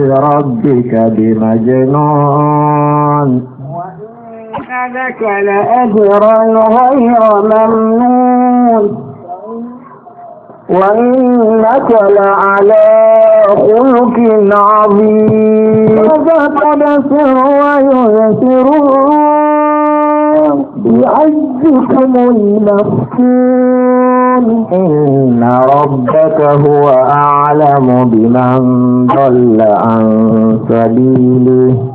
ربك بمجنون وإنك لك لأجرا غير ممنون وإنك لعلى خلق عظيم فتبصر ويبصرون بعزكم المفتون إن ربك هو أعلم بمن ضل عن سبيله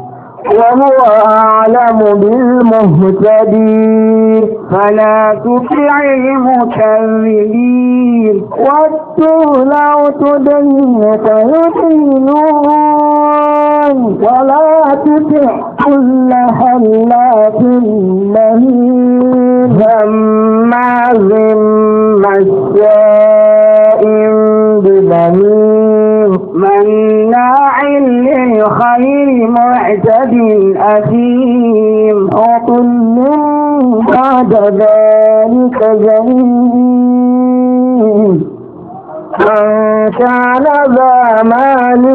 وهو أعلم بالمهتدين فلا تطع المكذبين واتوا لو تدين فيدينون ولا تطع كل حلاق مهين هماز مشاء بنميم مناع للخير معتد أثيم من بعد ذلك زنيم من كان ذا مال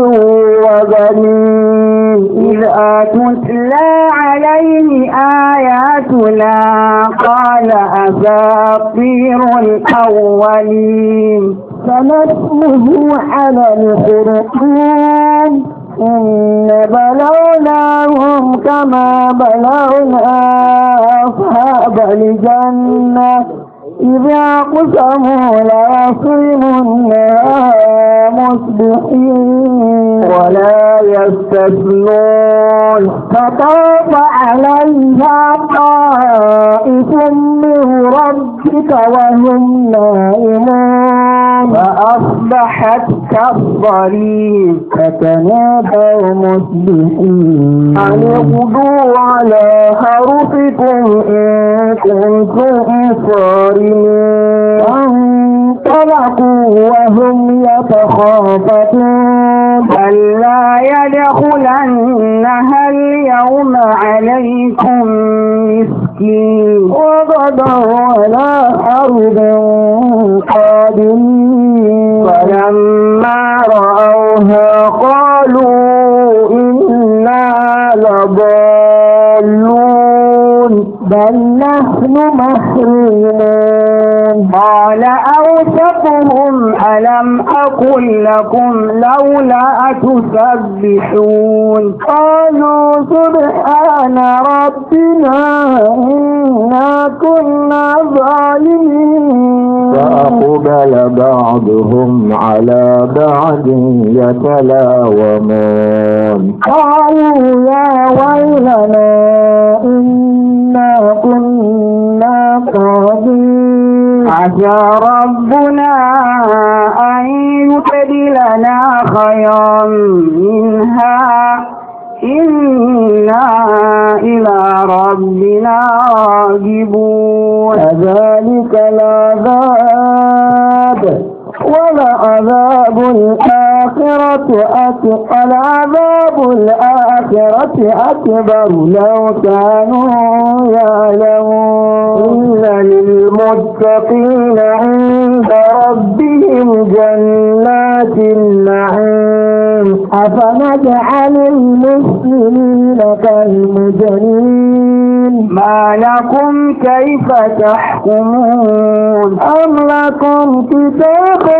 وبنين إذ أتتلى عليه آياتنا قال أساطير الأولين فنسمه على الخرطوم إن بلوناهم كما بلونا أصحاب الجنة إذا قسموا لا ليصرمنها مصبحين ولا يستثنون فطاف عليها طائف من ربك وهم نائمون فأصبحت كالضريب فتنادوا مصبحين أن اغدوا على حرفكم إن كنتم صارمين يمنون فانطلقوا وهم يتخافتون ألا يدخلنها اليوم عليكم مسكين وغدوا على أرض قادمين فلما رأوها قالوا إنا لضالون بل نحن محرومون قال أوثقهم ألم أقل لكم لولا تسبحون قالوا سبحان ربنا إنا كنا ظالمين فأقبل بعضهم على بعض يتلاومون قالوا يا ويلنا إنا كنا قادمين عسى ربنا أن يبدلنا خيرا منها إنا إلى ربنا راجبون كذلك العذاب عذاب الآخر الآخرة أتقى العذاب الآخرة أكبر لو كانوا يعلمون إن للمتقين عند ربهم جنات النعيم أفنجعل المسلمين كالمجرمين ما لكم كيف تحكمون أم لكم كتاب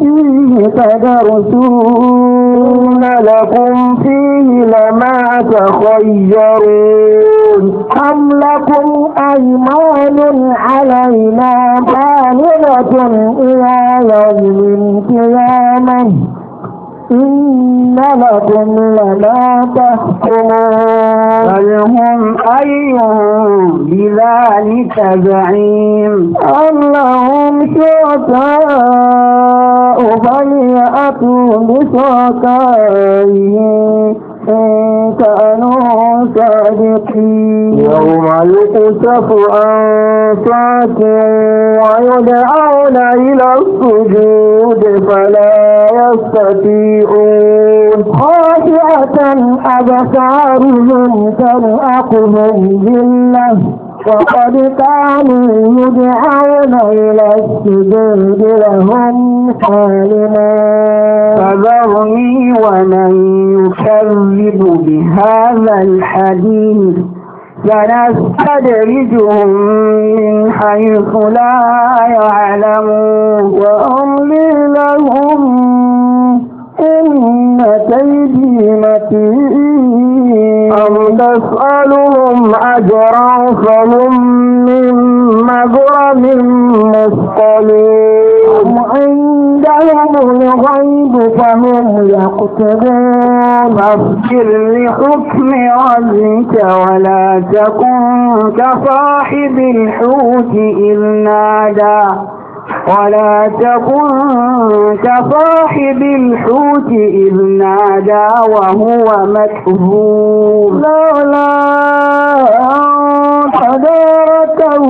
فيه تدرسون لكم فيه لما تخيرون أم لكم أيمان علينا بالغة إلى يوم القيامة إن لكم لما تحكمون فلهم أيهم بذلك زعيم أم لهم شركاء فليأتوا بشركائهم إن كانوا صادقين يوم يقتف أنفاك ويدعون إلى السجود فلا يستطيعون خاشعة أبصارهم تلأقهم ذلة وقد كانوا يدعون إلى السجود لهم حالما فذرني ومن يكذب بهذا الحديث سنستدرجهم من حيث لا يعلمون وأملي لهم إن كيدي متين أم تسألهم أجرا فهم من مغرم مثقلون عندهم الغيب فهم يقتدون أفكر لحكم ربك ولا تكن كصاحب الحوت إذ نادى ولا تكن كصاحب الحوت إذ نادى وهو مكذوب لولا أن تداركه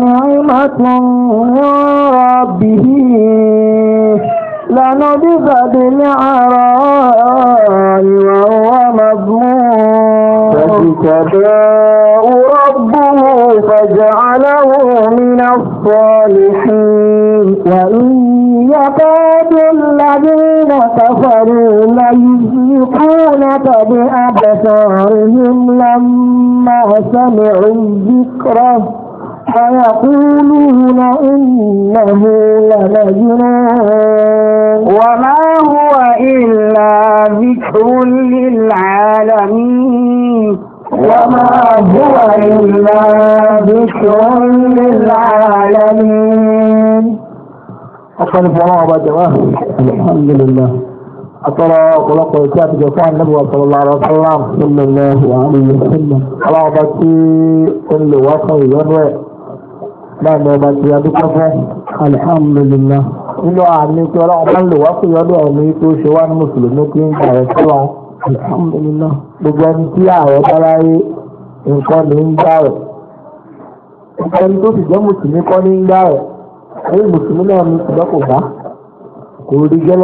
نعمة من ربه لنبذ بالعراء وهو مذموم فاجتباه ربه فجعله من الصالحين وإن يكاد الذين كفروا ليزيقونك بأبصارهم لما سمعوا ذكره فيقولون إنه لمجنون وما هو إلا ذكر للعالمين وما هو إلا ذكر للعالمين أصلي في الله وبعد الحمد لله أصلى وطلق وإسلام جفاء النبوة صلى الله عليه وسلم صلى الله عليه وسلم على بكي كل وصل يرى láàrin ọba tí a fún. alhamdulillah. nínú àmì tí ọlọ́run bá ń lò wá fún yọdọ̀ ọ̀nà tó ṣe wá ní mùsùlùmí kí ń gbà alhamdulillah. gbogbo ẹni tí ààrẹ bára rí nǹkan ní ń gbà rẹ̀. ẹni tó sì jẹ́ mùsùlùmí kọ́ ní ń gbà rẹ̀. mùsùlùmí náà ní kò bá. kò rí ní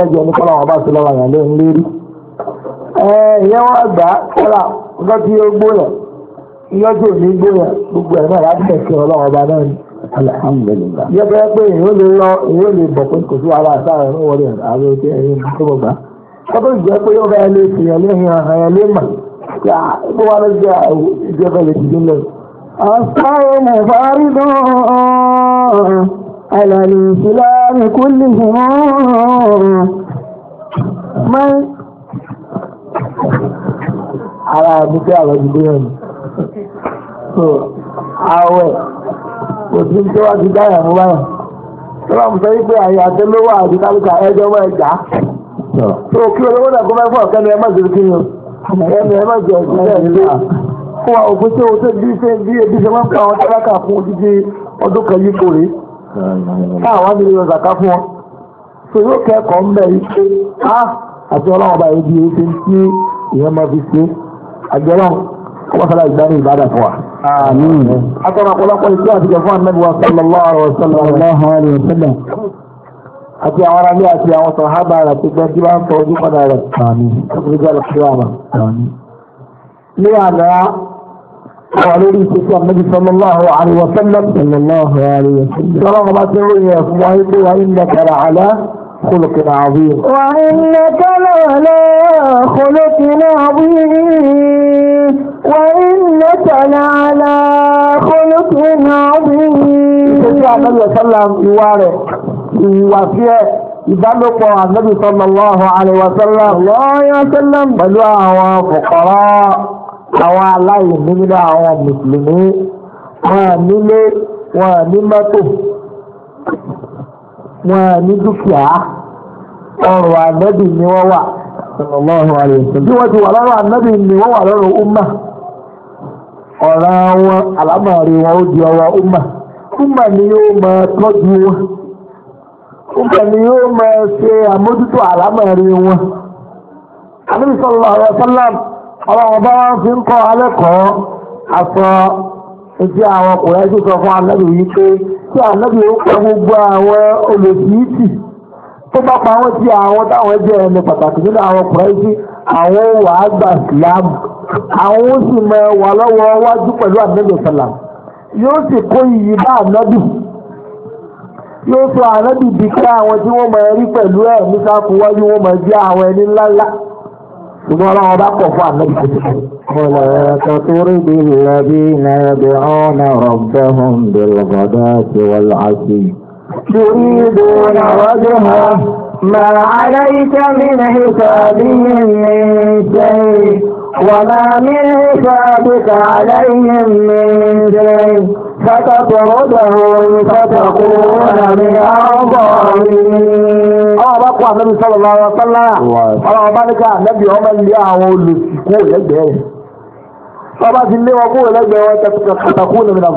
bá ti alhamdulillah. yẹ bẹ́ẹ̀ pé èyí ó lè lọ èyí ó lè bọ̀ pé kò sí ara àtàrà ń wọlé ààrẹ tí ẹ̀yìn tó bọ̀ gbà. kọ́tọ́ ìjẹ́ pé ó bẹ́ẹ̀ lè fi ẹ̀lẹ́ hìn ahàn ẹ̀ lé mà yà bó wà lọ́jọ́ ìjẹ́ lè dìde lọ. àṣàrò mọ̀ fárí gan-an àlàlì ìṣúlá kò sí tó wá ti dáyà mú báyà tọ́lá mú sọ wípé àyè àtẹlówó àti kálíkà ẹjọ́ mọ́ ẹja tó kí olówó náà kó mẹ́fọ́ kẹ́ni ẹ má jẹ́ kí ni ẹni ẹ má jẹ́ ìṣẹ́lẹ̀ fún wa òpin tí o tó bí ṣe bí ebi ṣe máa ń pa àwọn tálákà fún odidi ọdún kan yìí kòrè káwọn á nílò zàká fún wọn tó yóò kẹ́kọ̀ọ́ ń bẹ̀ yìí pé á àti ọlọ́run ọba yìí di èyí tí ìyẹn máa fi ṣe àjọlọ́run ọmọ sọlá ìgbà ní ìbádà fún wa. آمين حتى نقول أقول الله في جفوان النبي صلى الله عليه وسلم صلى الله عليه وسلم أتي أورامي أتي أو صحابة لا تجد جبان توجي قد على آمين رجال القيامة آمين قالوا لي السلام النبي صلى الله عليه وسلم صلى الله عليه وسلم الله رغبة يا وإنك وإنك لعلى خلق عظيم وإنك لعلى خلق عظيم وإن ولعلى خلق عظيم ìṣẹ́jú ànábì ọ̀sánlá ìwà rẹ̀ ìwàsí ẹ̀ ìbálòpọ̀ ànábì sallallahu alaihi wasallam lọ́yọ́ sẹ́lẹ̀ pẹ̀lú àwọn fòkọ̀rọ̀ àwọn aláìní nínú àwọn mùsùlùmí wọn nílé wọn ní mọ́tò wọn ní dúkìá ọrọ̀ ànábì ni wọ́n wà sallallahu ọ̀ràn wọn àlámọ̀rí wọn ó di ọwọ́ umma umma ni yóò máa tọ́jú wọn umma ni yóò máa ṣe àmójútó àlámọ̀rí wọn àbíbi sọlọ àwọn sọlám ọba wọn fi ń kọ́ alẹ́ kọ́ aṣọ àwọn ọkùnrin ẹjọ́ sọ fún anábì yìí pé kí anábì ó pa gbogbo àwọn olùsíìtì tó bá pa àwọn tí àwọn táwọn jẹ́ ẹni pàtàkì nínú àwọn kùrẹ́sì àwọn wà á gbà sílám àwọn ó sì mọ wà lọ́wọ́ wájú pẹ̀lú ànábì sàlám yóò sì kó iyì bá ànábì yóò sọ ànábì di ká àwọn tí wọ́n máa rí pẹ̀lú ẹ̀ ní sáfù wájú wọ́n máa jẹ́ àwọn ẹni ńláńlá ṣùgbọ́n ọlọ́run bá pọ̀ fún ànábì tó ولا تطرد الذين يدعون ربهم بالغداة والعشي يريدون وجهه ما عليك من حسابهم من شيء وما من حسابك عليهم من شيء فتطردهم فتكون من الظالمين ọ̀pọ̀ àfẹ́bí sọ́lọ̀ lọ́wọ́ sọ́lá ọ̀rọ̀ ọba ní ká àlẹ́bí ọmọ ilé àwọn olùsìnkú lẹ́gbẹ̀ẹ́ rẹ̀ ọba ti lé wọn kúrò lẹ́gbẹ̀ẹ́ wọn tẹ̀síkọ̀ kàtàkùn lómìnà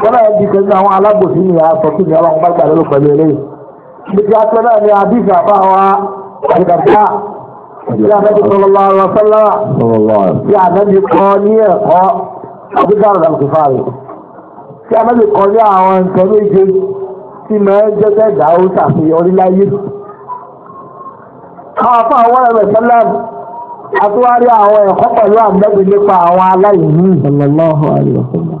wọ́n náà di kẹ́kẹ́ àwọn alábòsí ni a sọ kí ni ọlọ́run bá gbà lọ́lọ́ pẹ̀lú eléyìí. Ibi àti ọ̀nà ni àdìsí àfa wa àdìgàdìgà tí ànábi sallallahu alaihi wasallam tí ànábi kọ́ ní ẹ̀kọ́ àdìgà àdàlùkùfàrì tí ànábi kọ́ ní àwọn nǹkan méje tí mẹ́ẹ́ jẹ́jẹ́ ìgbà ó ṣàfihàn oríláyé. Àwọn afọ àwọn ẹ̀rọ sẹ́lẹ̀ àtúwárí àwọn ẹ̀kọ́ pẹ̀lú ànábi nípa àwọn aláìní. Sallallahu alaihi wasallam.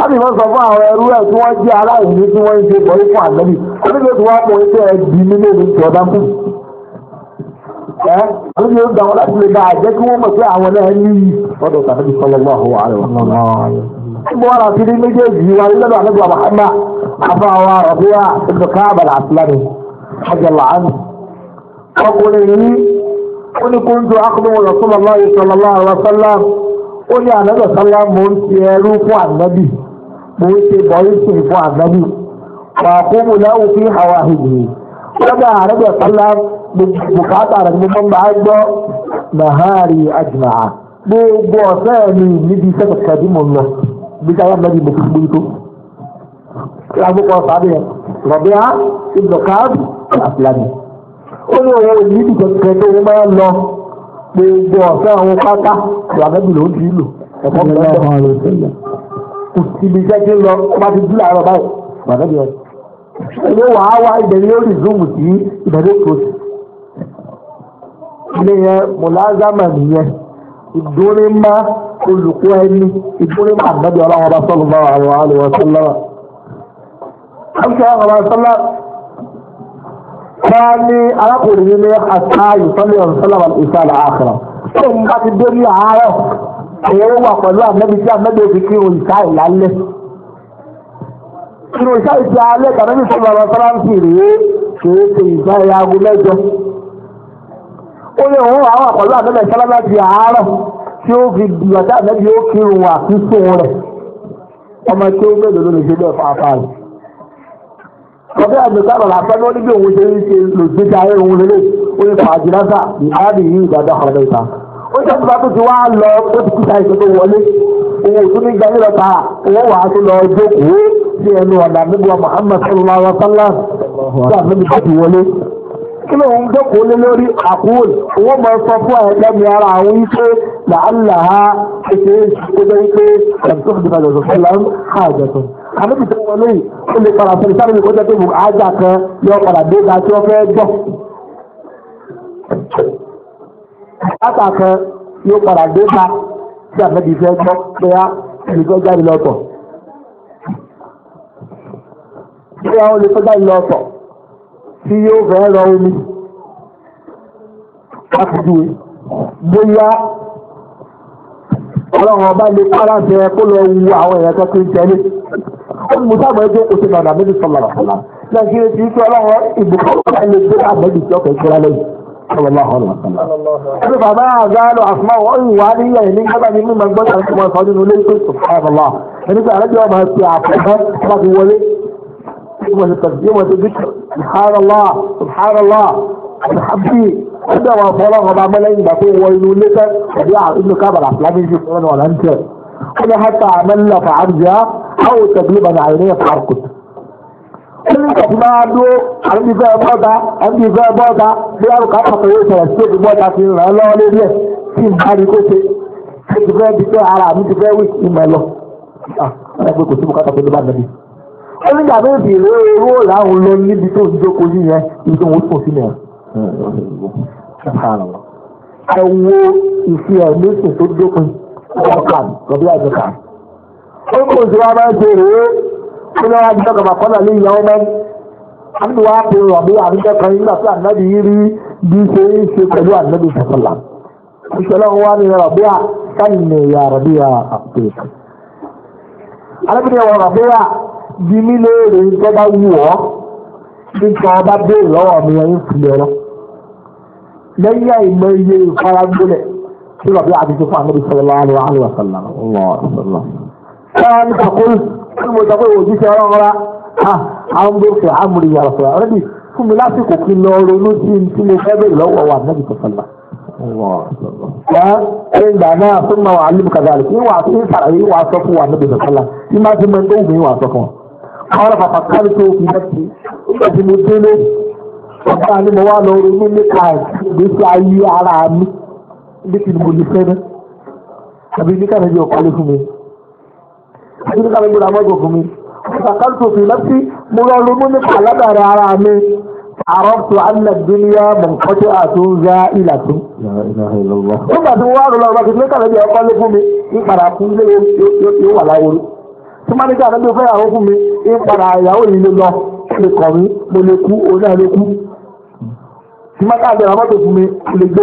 láti máa sọ fún àwọn ẹrú ẹ̀ tí wọ́n jẹ́ aláìní tí wọ́n ń ṣe pọ̀ fún ànábì onílé tí wọ́n mú iṣẹ́ ẹbí nínú ìlú jọ̀dá kù. ẹ àlejò yóò gbà wọn láti lè bá àjẹ́ kí wọ́n mọ̀ pé àwọn náà ní yìí lọ́dọ̀ tàbí sọ́lọ́ bá àwọn àrẹ wọn. gbogbo ara ti ní méjèèjì wa nílẹ̀ àlejò àbáhámà àbáwá rọ̀bíà ibùdó káàbàlà àtìlámì àjọlá àmì. ọkùnrin yìí ó ní kóńtó akọ́bọ̀wọ̀ lọ́sọ́lọ́ ó ní ànábẹ̀ mò ń ti ẹrú fún ànábì ṣe bọ̀rísìn fún àgbẹ̀bí wàkúmù láwù fi hàwà hìdì lọ́dà àrẹ́bẹ̀ pálá bùkátà rẹ̀ ní mọ́ máa gbọ́ nàhárì àjùmáà gbogbo ọ̀sẹ̀ mi níbi iṣẹ́ kẹ̀kẹ́ bí mo lọ bí sáyà mẹ́rin mo fi gbé tó lágbókọ̀ sábẹ̀ rọ̀bí á ibùdó káàbù àfìlàní ó gbogbo ọ̀sẹ̀ àwọn pátá làbẹ́bí ló ń ti lò ẹ̀kọ́ kò síbi jẹ́jẹ́ lọ ọba ti dúró àárọ̀ báyìí bàbá mi ọ̀ ilé wà á wá ibẹ̀ yóò rí zoom sí ibẹ̀ ló kò sí. ilé yẹn mùlázámà nìyẹn ìdúrímá olùkọ́ ẹni ìdúrímá ànábì ọlọ́run ọba sọ́lù bá wà wà lọ́wọ́ sọ́lọ́wà. àbúkẹ́ ọba sọ́lá ká ní arákùnrin ní àtàyè sọ́lẹ̀ ọ̀sọ́lá wà ní ìsàlẹ̀ àkàrà. tó ń bá ti dé ní àárọ̀ àwọn wà pẹ̀lú àmẹ́bí tí àmẹ́bí òfin kí òǹkà ìlálẹ́ irun ìṣá ìṣe alẹ́ kàmẹ́bí fún bàbá faransé rèé kìí ṣe ìṣá ẹ̀yà aago mẹ́jọ ó lè wọ́n àwọn àpọ̀lọ́ àmẹ́bí sálábà di àárọ̀ tí ó fi di ọ̀tá àmẹ́bí ó kírun wà sí sùn rẹ̀ ọmọ tí ó mélòó ló lè ṣe bẹ́ẹ̀ fáfá rẹ̀ ọ̀dẹ́ àgbẹ̀ká rọ̀ làpẹ́ ní ó ní bí òun ṣe ń ṣe lòdì ó ṣe àtúbà tó ti wá lọ ó ti kíta ìṣòro wọlé owó òtún ní gbàgbé lọ tààrà owó wàá tó lọ jókòó sí ẹnu ọ̀dà níbi wa Muhammad sallallahu alaihi wa sallam sí àmì tó ti wọlé kí ló ń jókòó lé lórí àkúwòn owó máa sọ fún ẹ̀ẹ́dẹ́ mi ara àwọn iṣẹ́ làálà ha ṣe é ṣe jẹ́ wípé ẹ̀mtọ́ ìdìbò àjọṣọ fún lọ́n ká àjọṣọ. àmì tó wọlé yìí ó lè padà sọ ìsáré mi kọjá tó mú ájà kan yọ padà dé ta tí wọ́n fẹ́ gbọ́ bàtà kan yóò padà dé bá tí àfẹ́bí fẹ́ gbọ́ pé á ẹni tó jáde lọ́tọ̀. Bí àwọn olùkọ́ jáde lọ́tọ̀ tí yóò fẹ́ rọ omi láti dúwe. Bóyá ọlọ́run ọba lè pàrà sí ẹ kó lọ wu àwọn èèyàn tó ń tẹ̀lé. Ó mú sábà ẹgbẹ́ òṣè nàdà méjì sọ̀lọ̀ nàìjíríà ti ń fi ọlọ́run ìbùkún ọ̀gá ilé gbé àbẹ̀dì tí ọkọ̀ ìṣúra lẹ́yìn. صلى الله عليه وسلم فما زال أسماء وعلي يهنين كما من من بيت أنكم وصالين وليس سبحان الله يعني كان رجل ما هستي عفوها فقط ولي ثم التسبيح والذكر سبحان الله سبحان الله الحمد لله عندما فلان وما ملايين بطوه ويولك فبيع ابن كابر عسلامي في القرآن والأنشاء حتى عمل فعرجها أو تقلب عينيه فأركض nígbà tí máa dúró àrùbífẹ́ bọ́ta àrùbífẹ́ bọ́ta bí àrùkà pàtàkì ìṣẹ̀lẹ̀ sí èdè bọ́ta fi ràn án lọ́wọ́ lórí ẹ̀ tí n bá rí kó ṣe ti fẹ́ di pé ara mi ti fẹ́ wí ìmọ̀ lọ. ẹgbẹ́ kò sí bùkátà tó ló bá nàbí. ó nígbà tó ti rí owó làwọn lọ níbi tó ń jókòó yìí yẹn ibi tó ń wọ́n sùn sílẹ̀. ẹ wo ìfi ẹ̀mí sùn tó dópin ọkàn lọ́bí àjọkà. ó kò sí wa máa ń ṣe rèé ó lọ́wọ́ àjọ kàmá kọ́lá lé ìyàwó mẹ́rin àti wàá pe rọ̀bí àbíkẹ́ kan nígbà tí ànábì yìí rí bí ṣe ń ṣe pẹ̀lú ànábì sọ̀tọ̀lá ìṣẹ̀lẹ̀ wa ni rọ̀bí à sánni ya rọ̀bí à àpè. alábìnrin wọn rọ̀bí à bí mi léèrè tó bá wù ọ́ nípa ọba béèrè lọ́wọ́ mi ẹ̀yìn fìlẹ̀ rọ. lẹ́yìn àìmọ̀ wọ́n mo sọ pé òjíṣẹ́ ọlọ́run rá àwọn bó fẹ́ àmúrí yàrá fẹ́ ọ̀rẹ́dì fún mi lásìkò kí n lọ ronú sí i tí mo fẹ́ bẹ̀rẹ̀ lọ́wọ́ wa nẹ́bí tó fẹ́lá. Ẹ ń gbà náà fún ma wà á lùbù kàdá àlùkò ní wà á fún sàrà yìí wà á sọ fún wa nẹ́bí tó fẹ́lá tí má ti mọ ẹni tó wù wà á sọ fún wa. Àwọn ọ̀pá pàtàkì tó fi àti nígbà gbogbo àmọ́jọ fún mi ìsàkántò fi lọ́sí mo lọ ronú nípa alábàárẹ̀ ara mi àrọ́pù alẹ́dúnlẹ́yà mọ̀nkọ́jọ́ àtúnzá ìlàtún. nígbà tí mo wá rọlọ́ ọba kìtìlẹ́ kàlẹ́ bí ọkọ lé fún mi ìpàdà fún lé yóò wà láwo rí tí má ní kí àtàbí fẹ́ yàwó fún mi ìpàdà ìyàwó yìí ló lọ lè kọ̀ mí mo lè kú oní àlékú tí má káàdì àmọ́jọ fún mi lè gbé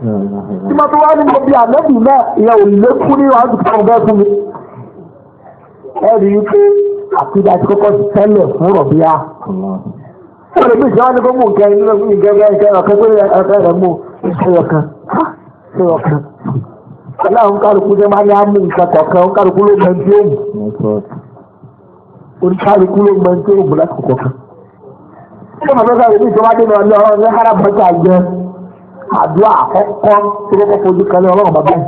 tí mo tó wá ní ibi àlẹ́bì náà ìyẹn ò lè kú ní wàá dùkú ọ̀gá ẹ̀kú mi. ẹ rí i pé àtúndà ti kọ́kọ́ ti tẹ́lẹ̀ fún rọ̀bíà. ọ̀rẹ́ mi ìṣẹ́ wá ní kó mú nǹkan inú mi gẹ́gẹ́ ẹ̀kẹ́ ọ̀kẹ́ pé ẹ̀kẹ́ rẹ̀ mú ìṣẹ́yọ̀ kan ìṣẹ́yọ̀ kan. aláwọn kálukú jẹ́ máa ní á mú nǹkan kọ̀ọ̀kan kálukú ló mọ tí ó mú. oníkálukú ló mọ tí ó mú láti kọ̀ọ̀kan. ṣé màmá àdúrà àkọ́kọ́ tó kọ́kọ́ fojú kan lé ọlọ́run bàbá yìí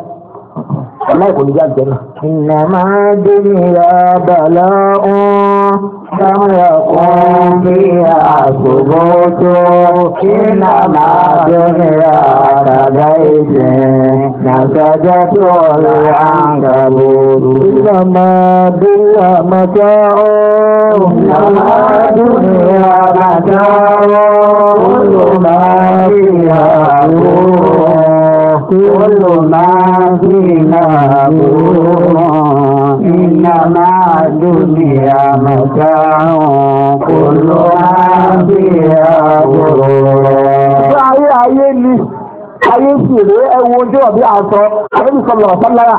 aláì kò ní já jẹ́ náà. ìnà máa dé ní yàrá lọ́hùn sámúyà kún bí àgbògbò tó ìnà máa dé ní yàrá lẹ́yìn nàgbàjá tó rí àǹgàbò. ìnà máa dé ní àmàjá ó. ìnà máa dé ní àmàjá ó. olùmọ̀ bí àgbògbò. وكل ما فيها غرور إنما الدنيا متاع كل ما فيها غرور ayé sì rèé ẹwọ ojú ọ̀bí àṣọ àbẹ́bìsọ̀lọ̀ ọ̀sánlára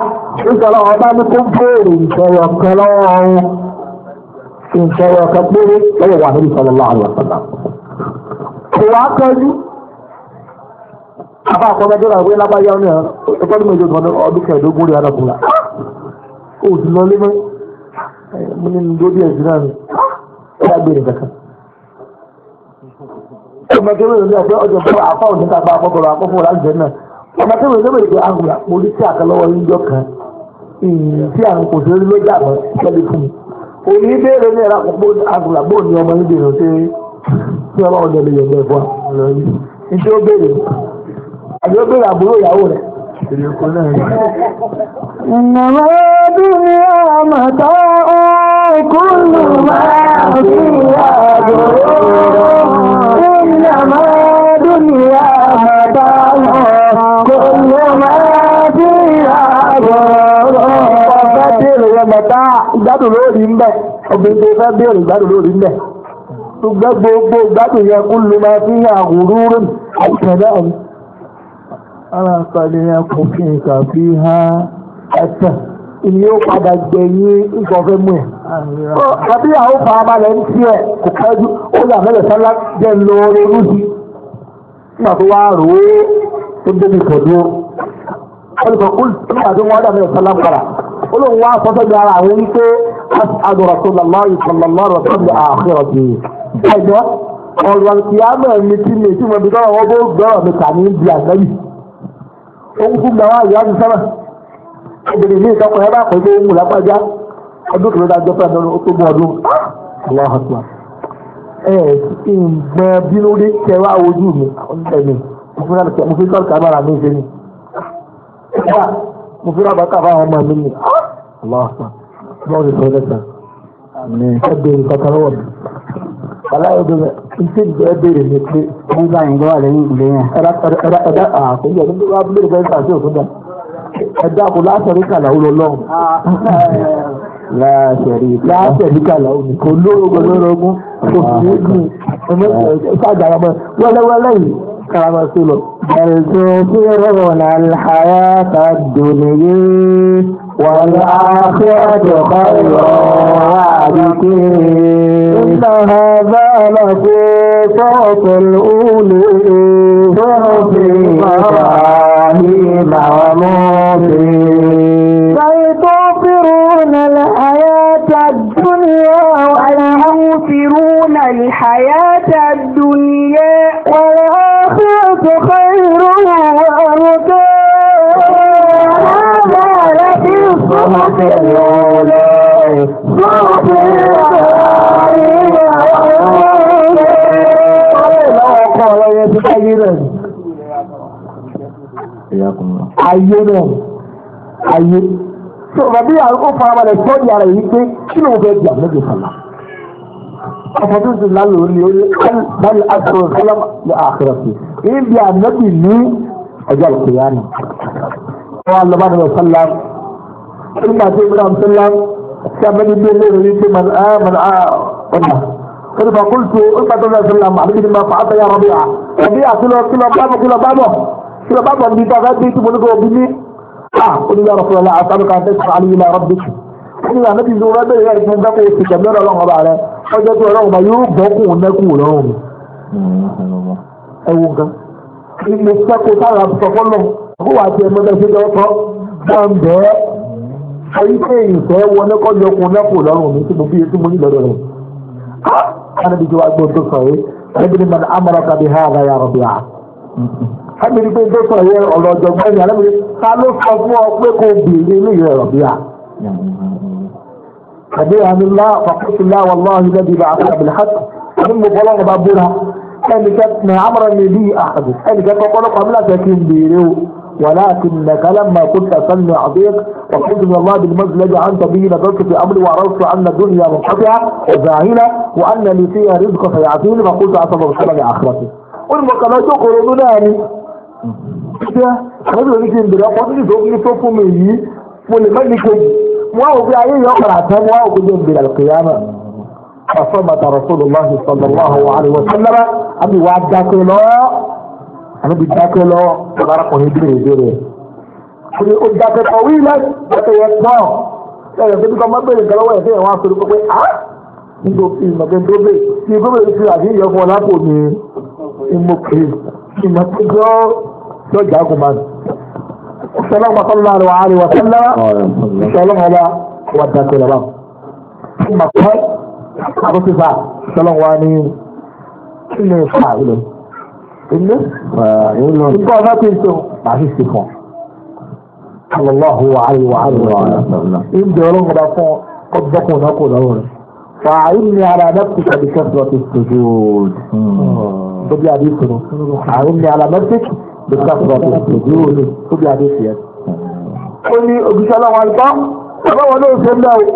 ìṣọ̀lọ̀ ọ̀bá ní kó bèèrè ìṣẹ̀rọ̀ kan lọ́wọ́ ọ̀hún ìṣẹ̀rọ̀ kan péré lọ́wọ́ wà níbi sọ̀lọ̀ láàrin ọ̀sánlá kò wá kọjú àbá àkọ́dájọ́ rà wíyá lábáyá ọ̀nà ẹgbẹ́rún méjì ọdún kẹẹ̀ẹ́dógún rí arábùnà ó ti lọ lé mọ́ ní ní lórí ẹ̀jú náà ni ó yà gbére kankan. ọmọkẹ́wé ní ọjọ́ fún òní ká náà àkàlọ́wọ́ kan tí kò sí fún mi. òní ní ẹ̀rọ àbí ó bèèrè àbúrò ìyàwó rẹ̀. Ìnáwó dúnìá àmàtà òkúlù máa fi àbúrò. Ìnáwó dúnìá àmàtà òkúlù máa fi àbúrò. Ọ̀fẹ́ bèèrè rẹ̀ mẹ́ta ìgbádùn lórí ń bẹ̀. Obìnrin fẹ́ bèèrè ìgbádùn lórí ń bẹ̀. Gbogbo gbogbo ìgbádùn yẹn kúlù máa fi àwòrán àìsàn ara pàdé akọ̀fin ìkàfí ha ẹ̀tẹ̀ ìní ó padà gbẹ̀yìn nǹkan fẹ́ mú ẹ̀. tàbí àwọn farabalẹ̀ ń tiẹ̀ kò pẹ́jú ó yà mẹ́lẹ̀ sálá jẹ́ lọ ronú sí nígbà tó wá rò ó tó débi pẹ̀lú olùkọ́ kúl nígbà tó wọ́n dà mẹ́lẹ̀ sálá padà olóhùn wá sọ́sọ́ bí ara àwọn wípé asàdùrà tó lọ́lá ìfọ̀lọ́lá rẹ̀ tó lè àkérò sí i. ẹ̀jọ́ ọ̀rọ̀ ìyá mẹ́rin mi ti mi tí mo bí gbọ́dọ̀ wọ́n bó gbọ́dọ̀ mi kà ní ibi àgbẹ̀yìn. òun fún gbawa ìyá ti sábà obìnrin ní ìtọ́kọ̀ ẹ bá pè é ń wù lápájá ọdún kìlọ́ dájọ́ fẹ́ lọ́rùn ó tó gbọ́ ọdún aláhà tó ẹ ìgbẹ́ bínú rí kẹwà ojú mi ọ̀nẹ́mi mo fi rárá mi mi mi. iṣẹ́ ìjọ béèrè ni pé wọ́n gbà yín lọ́wọ́ lẹ́yìn ìlú yẹn. ẹ̀dá àkójọ tó bá bílẹ̀ bẹ́ẹ̀ sàṣẹ òkúta ẹ̀dá kò láṣẹrí kàlà ó lọ lọ́hùn. láṣẹrí láṣẹrí kàlà ó ní. kò lórogún lórogún kò sì ní ọmọ ìfàjà ọmọ wẹ́lẹ́wẹ́lẹ́ yìí kàràmà sí lọ. ẹ̀sùn tí rọrùn àlàyé هذا لكم صوت الأولي صوت إبراهيم وموسى فيطافرون الحياة الدنيا ويغفرون الحياة الدنيا والآخرة خير وأبقى هذا لفي الصحف الأولى صحف Ayé náà, ayé. Ṣé ọ̀bàbí àrùkọ́ farabalẹ̀ sọ́ọ̀dì ara yìí pé kí ló fẹ́ di àmì ìfàlà? Ọ̀pọ̀ tó ti lálẹ́ orí orí láti àṣọ̀rọ̀ sọ́lá ní àkìrọ̀sì. Ibi ànábì ní ọjọ́ ìkìyàní. Wọ́n á lọ bá nínú sọ́lá. Nígbà tí Ibrahim sọ́lá, ṣé abẹ́ni bí olóòrè yìí pé màá màá ọ̀nà. قل فقلت أسعد الله صلى الله عليه وسلم ما فعلت يا ربيعة ربيعة كلا كلا بابا كلا بابا كلا بابا بيتا غادي تبلغ بني آه قل يا رسول الله أسألك أن تشفع لي إلى ربك قل يا نبي زورا بي يا إسمان دقي استكمل الله على ọjọ́ tó ọlọ́run bá yóò gbọ́kùn nẹ́kùn lọ́rùn ẹ̀wọ̀n kan ilé sẹ́kọ̀ọ́ sára sọ́kọ́lọ́ kó wàá ti ẹ̀mọ́ bẹ́ẹ̀ ṣe jọ tọ́ wọ́n bẹ́ẹ̀ ẹ̀yìn tẹ̀yìn fẹ́ wọlé kọ́jọ́kùn nẹ́kùn lọ́rùn mi tí mo fi etí mo ní lọ́dọ̀ rẹ̀ ana bi jiwa gbọ́ dọ́sọ̀ yìí ana bi ni man amara ka bi hàdà ya rọ̀bì à. ana bi pé dọ́sọ̀ yìí ọ̀rọ̀ ọ̀jọ̀gbọ́n ni ana bi ta ló sọ fún ọ pé kò bì nínú ìyẹn rọ̀bì à. kàdé àmì ńlá fàkóso ńlá wàlláhi lẹ́bi bá àkàrà bìlẹ̀ hàt àmì mo bọ́lá ọ̀rọ̀ bá bóra ẹnì kẹ́ ولكنك لما كنت سلمي عظيق وخذ من الله بالمجل الذي عنك به لذلك في أمري وعرفت أن الدنيا منحطعة وزاهلة وأن لي فيها رزق فيعزيني فقلت اعطى بسحبا لآخرتي قل ما قال شوك ورزناني لك اندريا قلت لي زوجي صوف مني واللي قال لي القيامة فصمت رسول الله صلى الله عليه وسلم أبي وعدك الله àníbi dákẹ́ lọ ọ̀gárakùnrin bí ìbéèrè rẹ̀ ó dákẹ́ kọ̀wé ilẹ̀ ẹ̀tẹ̀ yẹn tán ẹ̀yẹ̀ tó dúkọ́ mọ́bẹ̀rẹ̀ nǹkan lọ́wọ́ ẹ̀tẹ̀ yẹn wọ́n á sọ̀rọ̀ pé á nígbò fi ìmọ̀gẹ́ dóbè tí gómìnà fi àdéhìyàn fún ọlápò ní ìmọ̀kiri ìmọ̀kiri lọ́jà àgùnmáà السلام صلى الله عليه وسلم السلام على ودك الى بعض ثم قال أبو سفاح السلام عليكم إني فاعل ilé nǹkan ọba ti ń sọ màá sì fún Allahu wa ayi wa ayi wa ayi ń bẹ̀rẹ̀ ọlọ́run ọba fún ọgbọ́kùn náà kò lọ́wọ́ rẹ̀ fàáyín ni ara nẹ́pù tàbí kẹsàn-án ti sojú òòlù ara nẹ́pù tàbí kẹsàn-án ti sojú òòlù tó ó ní òbíṣẹ́ ọlọ́run àlùkò ọba wọn lóò ṣe ń bẹ́ẹ̀ o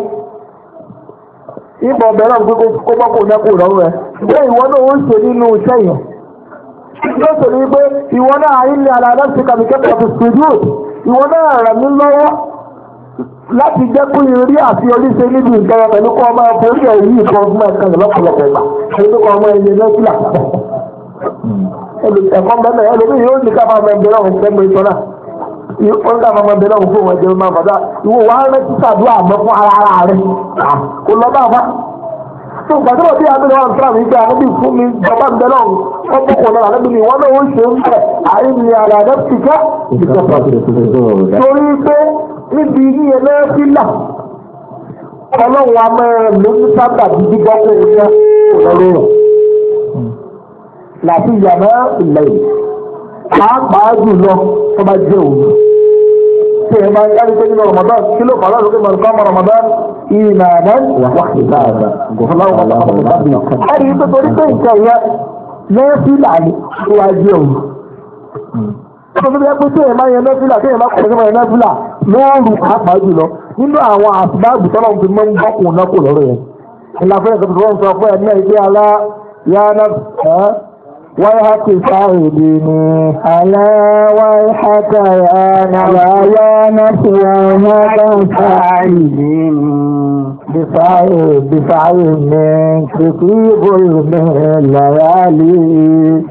ìbọn bẹ̀rẹ̀ kó bọ́kùn náà kò lọ́wọ́ rẹ̀ bẹ́ẹ̀ ìwọ náà ó ń ṣe nínú iṣẹ́ yóò sọ ní pé ìwọ náà ilé aláàdá ti kàmí kẹ́kọ̀ọ́ ti ṣojú ìwọ náà rẹ̀ mí lọ́wọ́ láti jẹ́ kó rí àti oríṣi níbi ìgbẹ́ra pẹ̀lú kọ́ ọmọ ẹ̀fọ́ orí ẹ̀rí ìkọ́ ọgbọ́n ẹ̀kan lọ́pọ̀lọpọ̀ ìgbà èyí tó kọ́ ọmọ ẹ̀yẹ lọ́sílà ẹ̀kọ́ mẹ́mẹ́ ẹlòmíì yóò ní káfà ọmọ ẹgbẹ́ fẹ́ mẹ́tọ́ náà ó ń káfà ọmọ ẹgbẹ́ fún ọmọ ẹgbẹ́ máa fàdá ìwọ wàá rẹ̀ kò tó gbàdúrà bí abúlé wa nǹkan mi gbé anábì fún mi bàbá mi bẹ́ẹ̀ náà wọ́n bọ̀ kọ̀ lára anábì mi wọ́n náà ó ṣe ń bẹ̀ àyè mi àrà àdẹ́pìkà torí pé níbi yíyẹ náà fi là ọlọ́run a máa ló ní sábà dídí gbọ́kọ̀ ìyá ìrọ̀lẹ́rọ̀ làbí ìyàmẹ́ ìlẹ̀ pàápàá jùlọ tó bá jẹ́ òun tí ẹ bá ń yára pé nínú Ramadan kí ló fà láti mọ̀ nǹkan Ramadan ìmàdán wà ìbáàdà ọ̀fọláwọ̀ ọ̀fọláwọ̀ ẹ̀rí pé torí pé nǹkan ìyá lẹ́fílà ni síwájú òun. Ẹ̀rọ tó yẹ pé tí ẹ máa yẹ lẹ́fílà tí ẹ máa kọ̀ ọ́ lẹ́fílà lóòrù pàápàá jùlọ nínú àwọn àsìbáàbù tọ́lọ́ fi mọ́ ń bọ́kùn náà kò lọ́rọ̀ yẹn. Ìlàfẹ́ ìsọ̀tún tó ń sọ fún ẹ̀ náà ìgbé alá yára ẹ̀ ويحك سعيديني ألا ويحك يا نبا يا نفي هذا سعيديني بسعيد بسعيد منك تطيب الليالي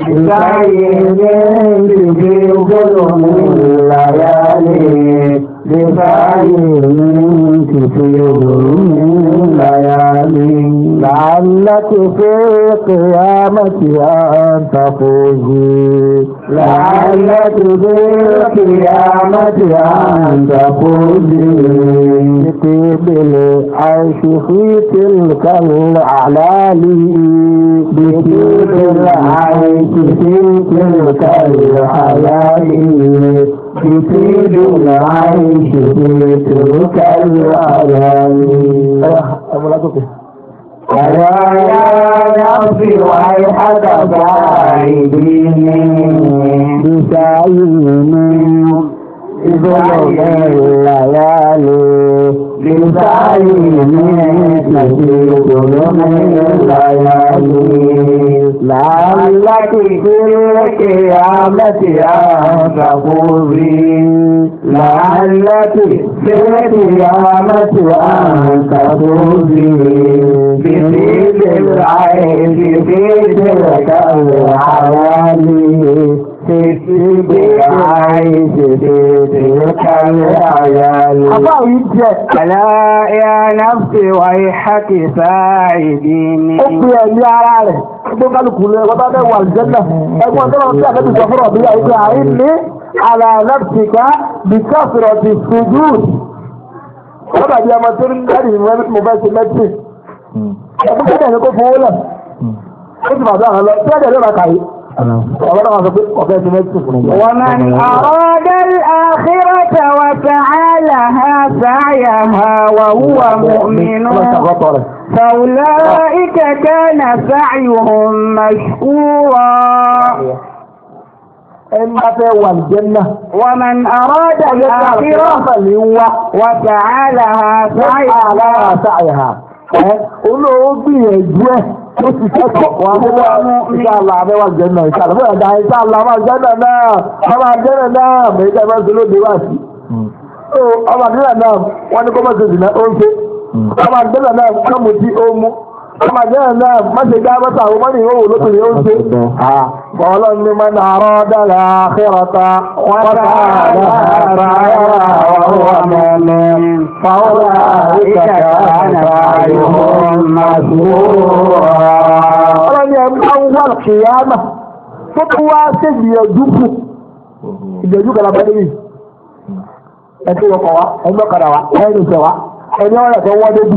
بسعيد منك تطيب الليالي ببعيد في ظلم الليالي لعلك في قيامتها أن تفوزي لعلك في قيامتها أن تفوزي بطيب العيش في تلك الأعلالي بطيب العيش في تلك الأعلالي يفيد العيش يترك الغيان فلا يغفر ويحك بعيدين بسعيهم بظلم الليالي بسعيهم في ظلم الليالي لعلكم في القيامة أنتقوذين لعلكم في القيامة أنتقوذين بسيد العين بسيد الكون العوالي Àlá ya náfẹ́ wà ní hákì sáàrì bí ní. Ó fi ẹ̀mí ara rẹ̀, tó kálùkù lè wọ́n bá wà jẹ́nà. Ẹgbọ́n tó lọ́wọ́ sí àbẹ́bí sọ fún ọ̀bí àìkú àárín ní àlá náfẹ́ká bí káfìrọ̀ ti ṣojú. Sábà bí ọmọ tó ń dárì mo fẹ́ ṣe mẹ́tì. Ẹ̀bùn kẹ́kẹ́ ni kó fowó lẹ̀. Ó ti bàbá àwọn lọ, tí wọ́n jẹ́ lọ́ba kàyé. ومن أراد الآخرة وسعى لها سعيها وهو مؤمن فأولئك كان سعيهم مشكورا ومن أراد الآخرة وسعى لها سعيها olówó gbìyànjú ẹ̀ ó ti kẹ́kọ̀ọ́ wọn abẹ́wà ìṣàlà abẹ́wà jẹ́nà ìṣàlà bẹ́ẹ̀ dá ìṣàlà máa jẹ́nà náà ọba jẹ́nà náà mẹ́jẹ́ bá ṣe lóde wá sí. ọba jẹ́nà náà wọ́n ní kó bá ṣe jìnnà ó ń ṣe ọba jẹ́nà náà ó mú. ọmọ jẹ́ náà mọ́ṣe dá bọ́ta àwọn mọ́ni yóò wò lókè yóò ṣe. bọ́ọ̀lọ́ ni mọ́ ní àárọ̀ dára àkẹ́rọ̀ta wọ́n bá àárọ̀ àwọn ọmọ ọmọ fàwọn ìkàkà àyọ̀ màdúrà. ọlọ́ni ẹ̀ ń bá wà kìyàmà tó kí wá ṣe ìgbìyànjú kù ìgbìyànjú kan lábẹ́ níbi ẹ̀ tó wọkọ̀ wa ẹ̀ ń lọ́kadà wa ẹ̀ ń lọ́kadà wa ẹ̀ ní ọ̀rẹ́ tó wọ́n débi.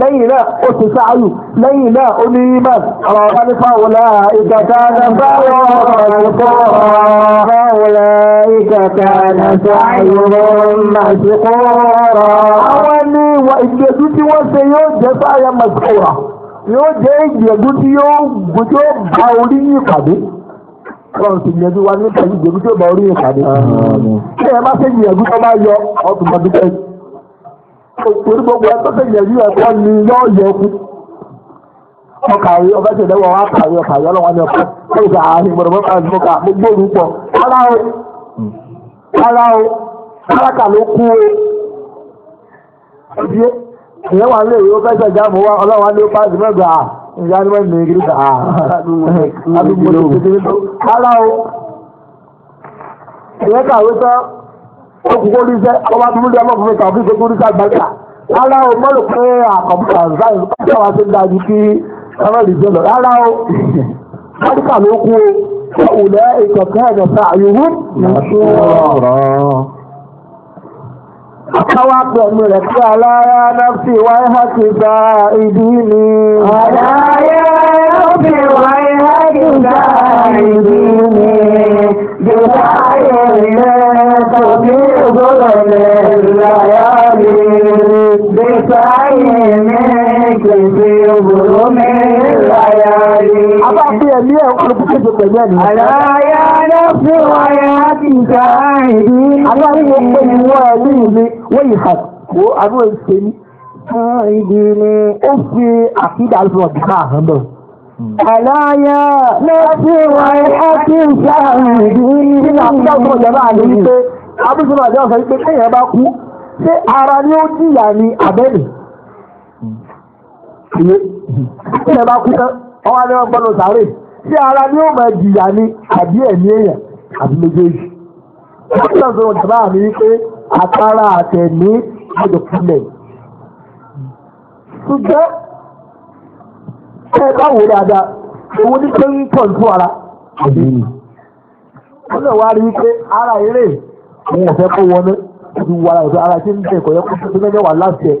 lẹ́yìn náà ó ti sáàlù lẹ́yìn náà ó ní imam àwọn ọba nípa wọlá ìgbàta nàbà wọlá ìgbàta nàbà àwọn ní ìgbésí tí wọ́n ṣe yóò jẹ́ fáyà màsíkòrà yóò jẹ́ ìgbìyànjú tí yóò gbójó bá Ọlọ́run ti gbìyànjú wa ní pẹ̀lú ìgbìyànjú tí ó bá orí ìpàdé. Ṣé ẹ má ṣe gbìyànjú tó bá yọ ọdún ọdún pẹ̀lú? òpòrí gbogbo ẹ tọ́tẹ̀ ni yẹ ọbẹ̀ tẹ̀lé wá kàwé ọkàwé ọlọ́wọ́n ni ọkọ̀ ọ̀rọ̀ ìgbà ààrin mọ́ta ní ọkùnkó oníṣẹ́ ọba tó múlẹ̀ ọmọkùnrin kan fún ìṣẹ́gun oníṣẹ́ àgbàlẹ́kà rárá o mọ́ rò pé àkàbùkà zayn ọjọ́ wa ṣe ń dájú kí ẹlẹ́rìí jẹ́ lọ rárá o mọ́ríkà ló kú o òwúlẹ̀ ìkọ̀kẹ́ ẹ̀dọ̀ta àyùhù Àkáwà pẹ̀lú rẹ̀ pé aláyá lọ́pì wáyé hà ti gba ìdí ni. Aláyá lọ́pì wáyé hà ti gba ìdí ni. Jọba ayọ̀ rẹ̀ kò ní ògbọ́dọ̀ rẹ̀ láyá rẹ̀. Bẹ́ẹ̀ sáyẹ̀ mẹ́rin kò sí ògbòrò mẹ́rin. Àbá bí ẹ̀mí ẹ̀ olùkú kéjọ pẹ̀lú ẹ̀mí. Àyà ló fi wáyà ti ká ìdí. Àbá bí mo pé ìwọ ẹ̀mí mi wọ́n yìí hàn kó àánú ẹ̀ṣẹ̀ mi. Ìdí ni ó fi àkídà lọ dìbà àhán bọ̀. Àláyà ló fi wáyà ti ká ìdí. Kí ni àkídà tó yẹ bá àlè wípé Abúlé Màdé ọ̀sán wípé kéèyàn bá kú ṣé ara ni ó jìyà ni àbẹ́lẹ̀? ìwé ìlẹ̀ bá kú tán ọwọ́ ni wọ́n gbọ́dọ̀ sáré tí ara ni ó máa jìyà ni àbí ẹ̀mí èèyàn àbí méjèèjì. wọ́n tẹ̀ sọ̀rọ̀ jàmbá mi wípé àtàrà àtẹ̀mí ọjọ́ kúlẹ̀. ṣùgbọ́n ẹ bá wò dáadáa owó ní pé ń tọ̀ ju ara. wọ́n lè wá rí i pé ara eré òun ò fẹ́ kó wọnú ó ti wọ ara ìfẹ́ ara tí ń bẹ̀ kọ̀ kó tó mẹ́lẹ́wàá láti ẹ̀.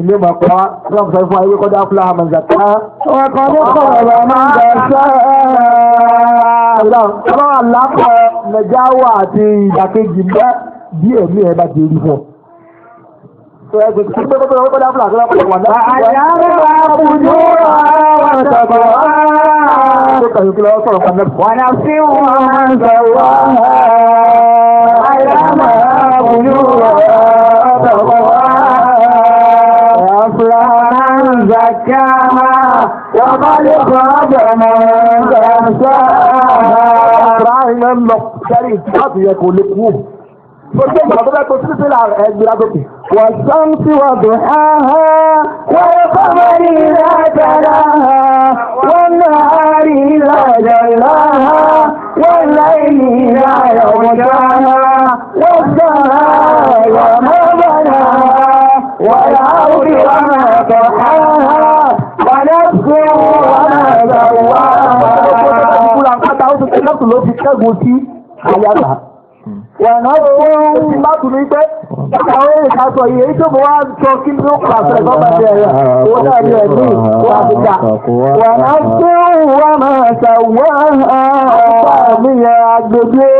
ilé ma kọ́ ọlọ́run sọ fún wa ìwé kọ́dá fúláhà máa ń zàtà. ọkọ ní kọ̀ọ̀rọ̀ máa ń gbàṣẹ́. ọlọ́run àlápọ̀ nàìjáwá àti ìdàkejì حكاما وقال اخراج من انساها ابراهيم الله شريف قد يكون لقوه والشمس وضحاها والقمر إذا تلاها والنهار إذا جلاها والليل إذا يغشاها والسماء وما بناها والأرض وما تحاها Ìkúra pátá ó ti fi lọ́tù Wọ̀nà tó bọ̀ máa ṣàwọ́ àgbà mi yẹn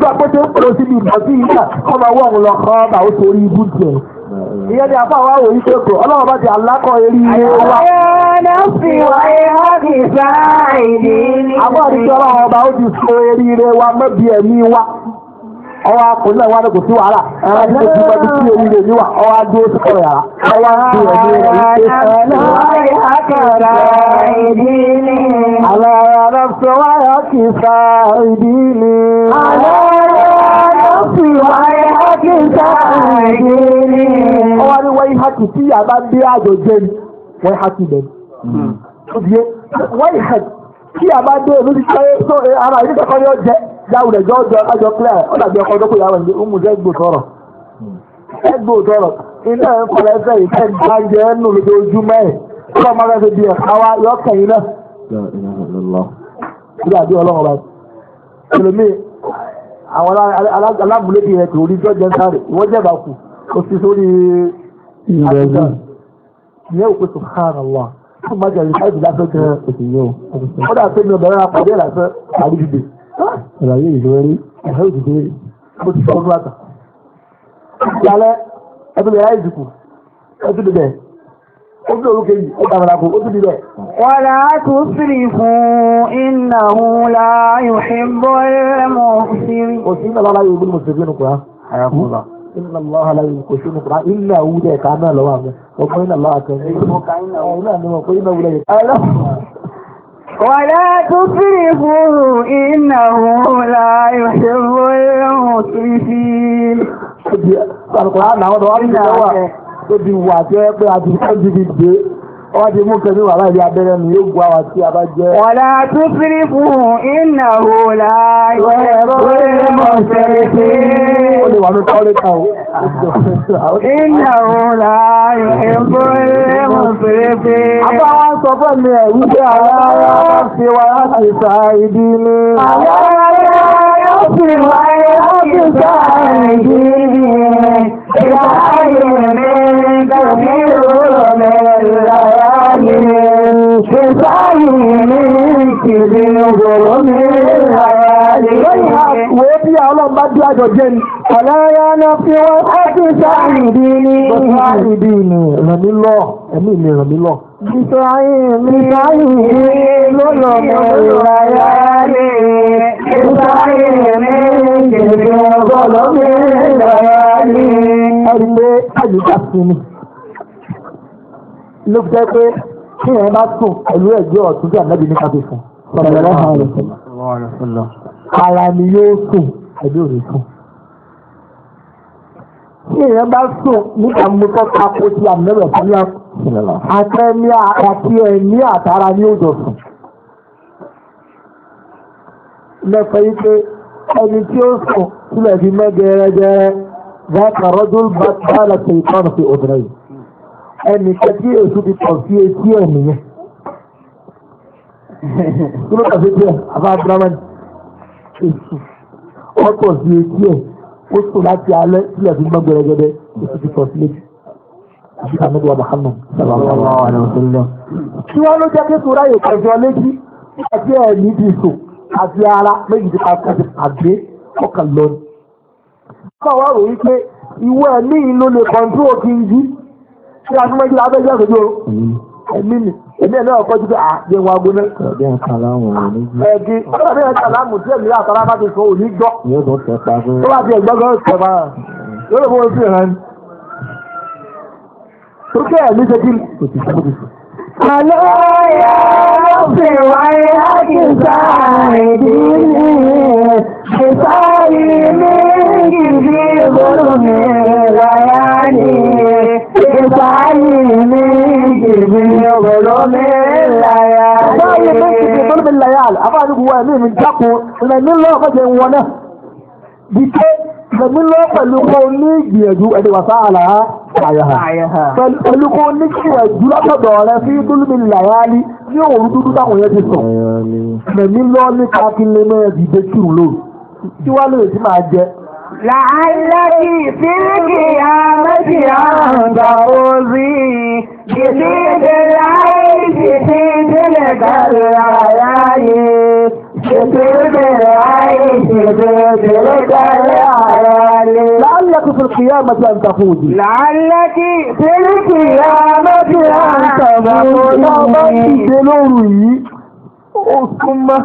gbà pé tó ń pèrò síbi ìdọ̀tí yìí náà ọmọ ọwọ́ òun lọ kọ́ ọba ó torí ibú jẹ. ìyẹn ni àfa wa wòye pé kò ọlọ́run bá ti alákọ̀ eré ilé wa. àyọ̀nà fi wáyé hábì sáà ìdí ní. àbọ̀ àdìsọ́lá ọba ó ti so eré wa mọ́bi ẹ̀mí wa ọwọ́ akọ̀lẹ́ wa lóko sí wàhálà ẹ̀rọ tí kò sí pẹ̀lú sí ewu lè níwà ọwọ́ adé sí ọ̀rọ̀ yàrá ọwọ́ adé ọdún ẹ̀rọ ìṣe àkàrà ìdí ni. àlọ́ ọ̀rọ̀ fi wáyà kì í sa ìdí ni. àlọ́ ọ̀rọ̀ wọ́n yíha kì í sí yàrá bí àjọjẹ́ ni wọ́n wọ́n yíha kí yàwù rẹ̀ jọ́jọ́ lájọ clear ó dàbí ọkọ̀ ọdọ́kọ̀ yàwù rẹ̀ ń mú jẹ́ gbò tọrọ ẹgbò tọrọ iná ẹ̀ ń fọlẹ̀ ẹsẹ̀ ìfẹ́ ìdájẹ́ ẹnu lójoojúmọ́ ẹ̀ kọ́ máa fẹ́ di ẹ̀ka wa jẹ́ bá ó sì sórí àtijọ́ ìyẹn òkú subhanallah fún o kódà pé mi ò bẹ̀rẹ̀ apàdé lásán àríjìdè ìràyè ìdúró rí ẹ̀fẹ́ òdìdó rí mo ti fọ́n fúlàtà. ìyálẹ́ ẹbí bẹ̀rẹ̀ ìdìkù ẹbí bẹ̀rẹ̀ ó bí orúkẹ yìí ó dàbàrà kù ó dìbì bẹ̀. wàlá tó sírì fún iná hula yòhìnbó ẹlẹ́mọ̀ sírí. kò sí iná lọ́la yòókù mo sèké nìkúrá sí nìkúrà Wàlá tó fìrì fúrù iná hùlá ìṣẹ́wó ẹ̀hùn sí sí. Àlùkò Wọ́n ti mú kẹ́mí wà láìlé abẹ́rẹ́ mi yóò gbọ́ àwọn tí a bá jẹ́. Wọ̀lá tó fírí fún iná òòlà Ìgbà ayé rẹ̀ ń gbà ní ìrọ̀lẹ́ ìlàrá. Ẹ̀mí mi ràn mí lọ. Ìsọ̀yìn mi láyìn lọ́lọ́ mọ̀ láyá lè. Ìsọ̀yìn mi kèrè ọgọ́lọ́ mi láyá lè. Ẹ̀rí pé àyíká sí mi. Ló fi jẹ́ pé kí ẹ bá sùn pẹ̀lú ẹ̀gbẹ́ ọ̀tún bí ànábì ní kábí fún sallallahu alaihi wasallam ara ni yóò sùn àbí òní sùn tí èèyàn bá sùn nígbà mọ́tò tako ti àmìlẹ́rọ̀ sílẹ̀ àtẹ́ni àti ẹ̀mí àtara ní òjò sùn. lẹ́fẹ̀ẹ́ yìí pé ẹni tí ó sùn sílẹ̀ kí ló kàfé díẹ̀ àbá abdulhamid èsù ọkọ̀ sí etí ẹ̀ ó sùn láti alẹ́ sílẹ̀ fún gbọ́ gbẹrẹgẹdẹ èsù ti tọ̀ sí létí àṣìkà mẹ́tọ́ Muhammad sallallahu alaihi wasallam. kí wọ́n ló jẹ́ kí sùn ráyè kẹjọ létí àti ẹ̀ ní ti sùn àti ara méjì ti pàṣẹ àti àgbé ọkàn lọ ni. báwo wá rò wípé ìwọ ẹ̀mí ló lè kọ̀ńtúrò kí n jí ṣé àtúmọ̀jì abẹ́jọ́ àgbẹ̀jọ́ ẹ̀mí nìkan èmi ẹ̀ náà kọjú pé à bí wọn agbóná. ẹbí ẹ kàlámù rẹ ní bí. ẹbí ọlọ́dẹ ẹ kàlámù tí èmi àtàrà bá ti sọ òní gbọ́. yóò tó tẹ pa fún. tó bá ti ẹ̀gbọ́n kan tẹ̀ yóò lè fọwọ́ sí ẹ̀rọ ni. tókè ẹ̀mí ṣe kí. àlọ́ ya ló fi wáyé àkìsà ìdílé ìsà ìlú gidi gbọ́dọ̀ mi wáyà ni ìsà ìlú. Báyìí méjì ní ìtọ́lùmí lẹ́yàlì, àbáyìí wọ ẹ̀mí mi jákun, ìrẹ̀mí lọ́wọ́ pẹ̀lú wọn náà. Dìde ìrẹ̀mí lọ́wọ́ pẹ̀lú kó ní ìgbìyànjú ẹni wà sáàlà àyàhà. Pẹ̀lú kó ní ìgbìyànjú látọ̀dọ̀ rẹ fi dúlùmí lẹ́yàlì ní òru dúdú táwọn yẹn ti sùn. Ìrẹ̀mí ní káàkiri mẹ́rin dìde kírun Jìdí dèrè ayé, jìdí dèrè dàrú àyáyé. Jìdí dèrè ayé, jìdí dèrè dàrú àyáyé. لعلك في القيامة أن تخوض لعلك في القيامة أن تخوض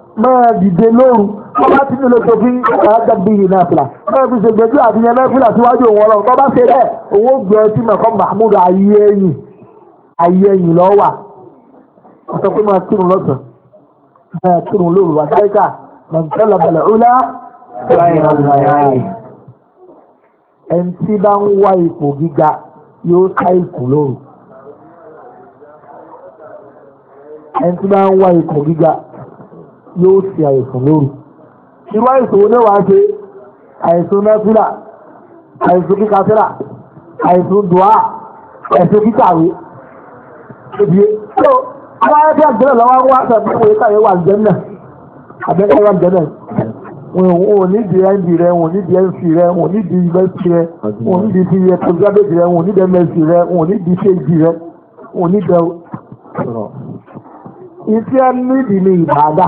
máa dìde lóru tó bá ti nílò tó fi ọ̀gá bí iná fìlà máa fi ṣègbèjú àfihàn náà fìlà síwájú òun ọlọ́run tó bá ṣe bẹ́ẹ̀ owó gbẹ tí mẹ̀kọ́ mahmud ayé ẹ̀yìn ayé ẹ̀yìn lọ́ wà ó sọ pé máa kírun lọ́sàn máa kírun lóru wà dáríkà mọ̀tẹ́lá bẹ̀lẹ̀ ọ̀lá ẹni tí bá ń wá ipò gíga yóò ká ipò lóru ẹni tí bá ń wá ipò gíga yóò ṣe àìsàn lóru irú àìsàn wo náà wá ṣe àìsàn nẹ́fílà àìsàn kíkafílà àìsàn dùá àìsàn kíkàwé ebi so àwọn ayẹyẹ àgbẹ̀rẹ̀ lọ́wọ́ wá sọ̀rọ̀ pé káyé wà jẹ́nà àbẹ́kẹ́ wà jẹ́nà wọn ò ní di nd rẹ wọn ò ní di nc rẹ wọn ò ní di university rẹ wọn ò ní di fiye postgraduate rẹ wọn ò ní di ìfẹ́ nídìí ni ìbàdà.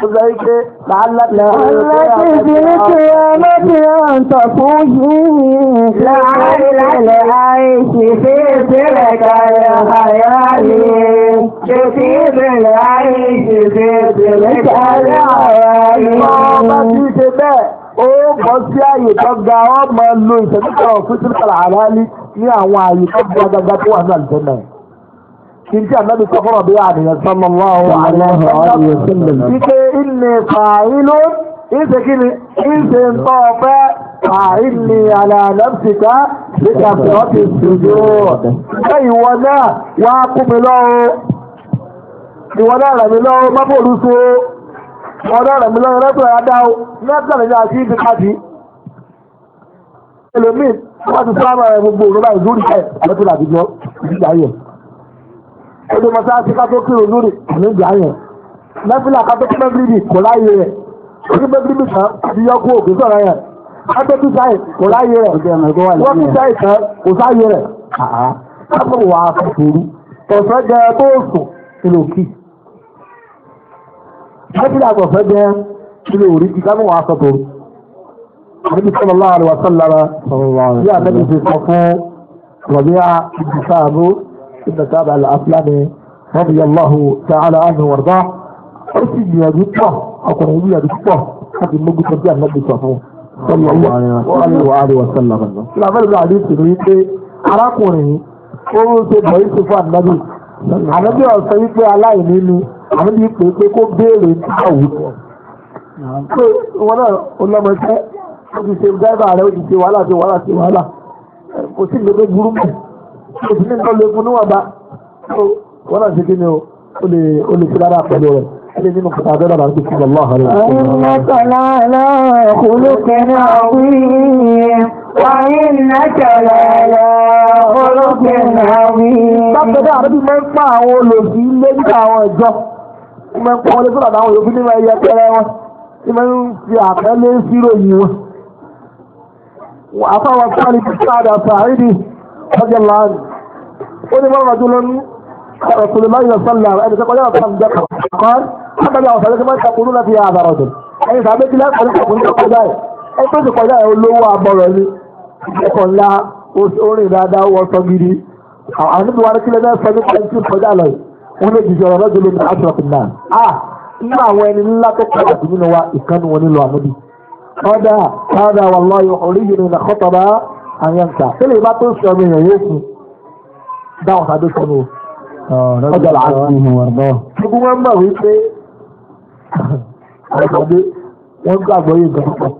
Láàlá ti ní ọmọ tí ó kan fún sílẹ̀ àlálí ní àwọn àyè tó gbọ́ tó wà ní àlùjẹ́ kìrìtì ànábì sọ́kọ́rọ̀ bí àdìyàn sallallahu alaihi wa sallam. Ike inni fàáìlú ìṣe kí ni ìṣe ń tọ́ ọ̀fẹ́ fàáìlì àlàlẹ́mṣìká bí kàfíọ́ ti ṣùjú. Ṣé ìwọ náà wá kú mi lọ́wọ́? Ìwọ náà rẹ̀ mi lọ́wọ́ má bòrú so. Ìwọ náà rẹ̀ mi lọ́wọ́ lẹ́tọ̀ọ́ yá dá o. Mẹ́tọ̀ ojú mọ́sáàsì ká tó kírun lórí àníjà yẹn mẹ́fìlà ká tó kí mẹ́fìlì kò láyé rẹ̀ ojú mẹ́fìlì kan ti yọ kú òkú sọ̀rọ̀ yẹn ká tó kí sáì kò láyé rẹ̀ wọ́n kí sáì kan kò sáyé rẹ̀ kápọ̀ wà á fi fòrú ọ̀sẹ̀ jẹ tó sùn kìlò kì mẹ́fìlà ọ̀sẹ̀ jẹ kìlò orí kí kápọ̀ wà á sọ fòrú. Àbíbí sallallahu alaihi wa sallam bí àtẹ́bí ti sọ fún Rọ̀bíà Ìbùsáàbù بن تابع الأسلامي رضي الله تعالى عنه وارضاه أرسل يا جبه أقول يا جبه حتى مجد تبقى النبي صلى الله عليه وآله وسلم لا بل بعدين تقول arákùnrin ó ń ṣe bọ̀ yìí fún ànábì ànábì ọ̀sẹ̀ wípé aláìní ni ànábì pé pé kó béèrè ní àwùjọ. pé wọn náà ọlọmọṣẹ́ ó ti ṣe dáìbà rẹ̀ ó ti ṣe wàhálà ṣe wàhálà ṣe wàhálà kò sí ìgbẹ́ burú kò sí ní nǹkan lè fún níwọ̀nba wọ́n náà ṣe kí ni o ó lè fi rárá pẹ̀lú rẹ̀ ẹni nínú kọta abẹ́rẹ́ àbá nípa ìṣẹ̀lẹ̀ ọlọ́ọ̀hán rẹ̀. ọ̀nàkọ̀lá ọlọ́ọ̀kùnlùkẹ́ náà wí wàhínnàkẹ̀lẹ̀ ọlọ́ọ̀kùnlùkẹ́ náà wí. bákẹ́dẹ́ àrẹ́bí máa ń pa àwọn olòṣì ilé àwọn ẹ̀jọ́ máa ń pa lẹ́sọ̀rọ̀ àwọn yòókù nínú ẹyẹ tẹ́rẹ wọn tí ń fi àtẹ́lé síròyìn wọn. àfáwọn sáà ọjọ́ láàánú ó ní wọ́n rọ̀jú lónú Rasulullah sallallahu alaihi wasallam ẹni tó kọjá ọ̀sán jẹ́ kan lábẹ́lá ọ̀sán lẹ́sẹ̀ máa ń sàkúrú láti yà àbàrọ̀ dùn ẹni sàbẹ́ kí lẹ́sẹ̀ ní tó kọjá ẹ̀ ẹ tó sì kọjá ẹ̀ olówó abọ́rọ̀ ni ẹ̀kọ́ ńlá orin dáadáa wọ́n sọ gidi àwọn níbi wa ní náà sọ nípa ẹni kọjá lọ wọn lè jìjọ ọ̀rọ̀ jùlọ ní ashrafin náà a nínú àwọn ẹni ńlá tó kọjá sí nínú wa ìkànnì wọn nílò àmúdi. ọ̀dà ọ̀dà wallahi orí yìí ni ìlà àyànkà tẹ́lẹ̀ ìbá tó sọ ọmọ èèyàn yóò fún dáwọn sàdó sọnù ọjọ́ làásù gbogbo wọn mọ̀ wípé àìsàdé wọn gbàgbọ́ yìí gan pọ̀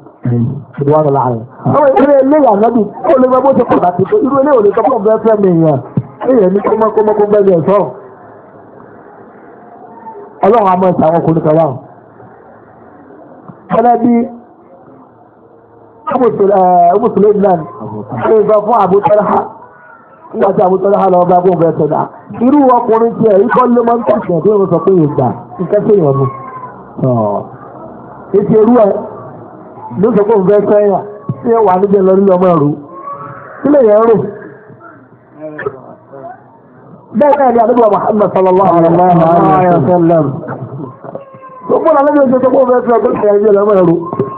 ìlú wọn láàyè. àwọn ìdílé ilé ìyànnábì ó lè gbọ́ bó ti pàtàkì tó irú ilé òní tọ́pọ̀ bẹ́ẹ̀ fẹ́ mi èèyàn èèyàn ní kọ́mọ́kọ́mọ́kọ́ bẹ́ẹ̀ ni ẹ̀sọ́ ọmọsùlẹ̀ ìlànà ṣe ń sọ fún àbútọ́lá nígbà tí àbútọ́lá lọ bá gbóhùn bẹ́ẹ̀ tọ́lá irú ọkùnrin tí ẹ̀ ikọ́ ló máa ń tẹ̀sán tó ń sọ pé ìgbà nǹkan tó yàn mú. etí ló sọ pé sẹ́yà tí wà lọ ọmọ ẹ̀rú kí lè yẹn rò. bẹ́ẹ̀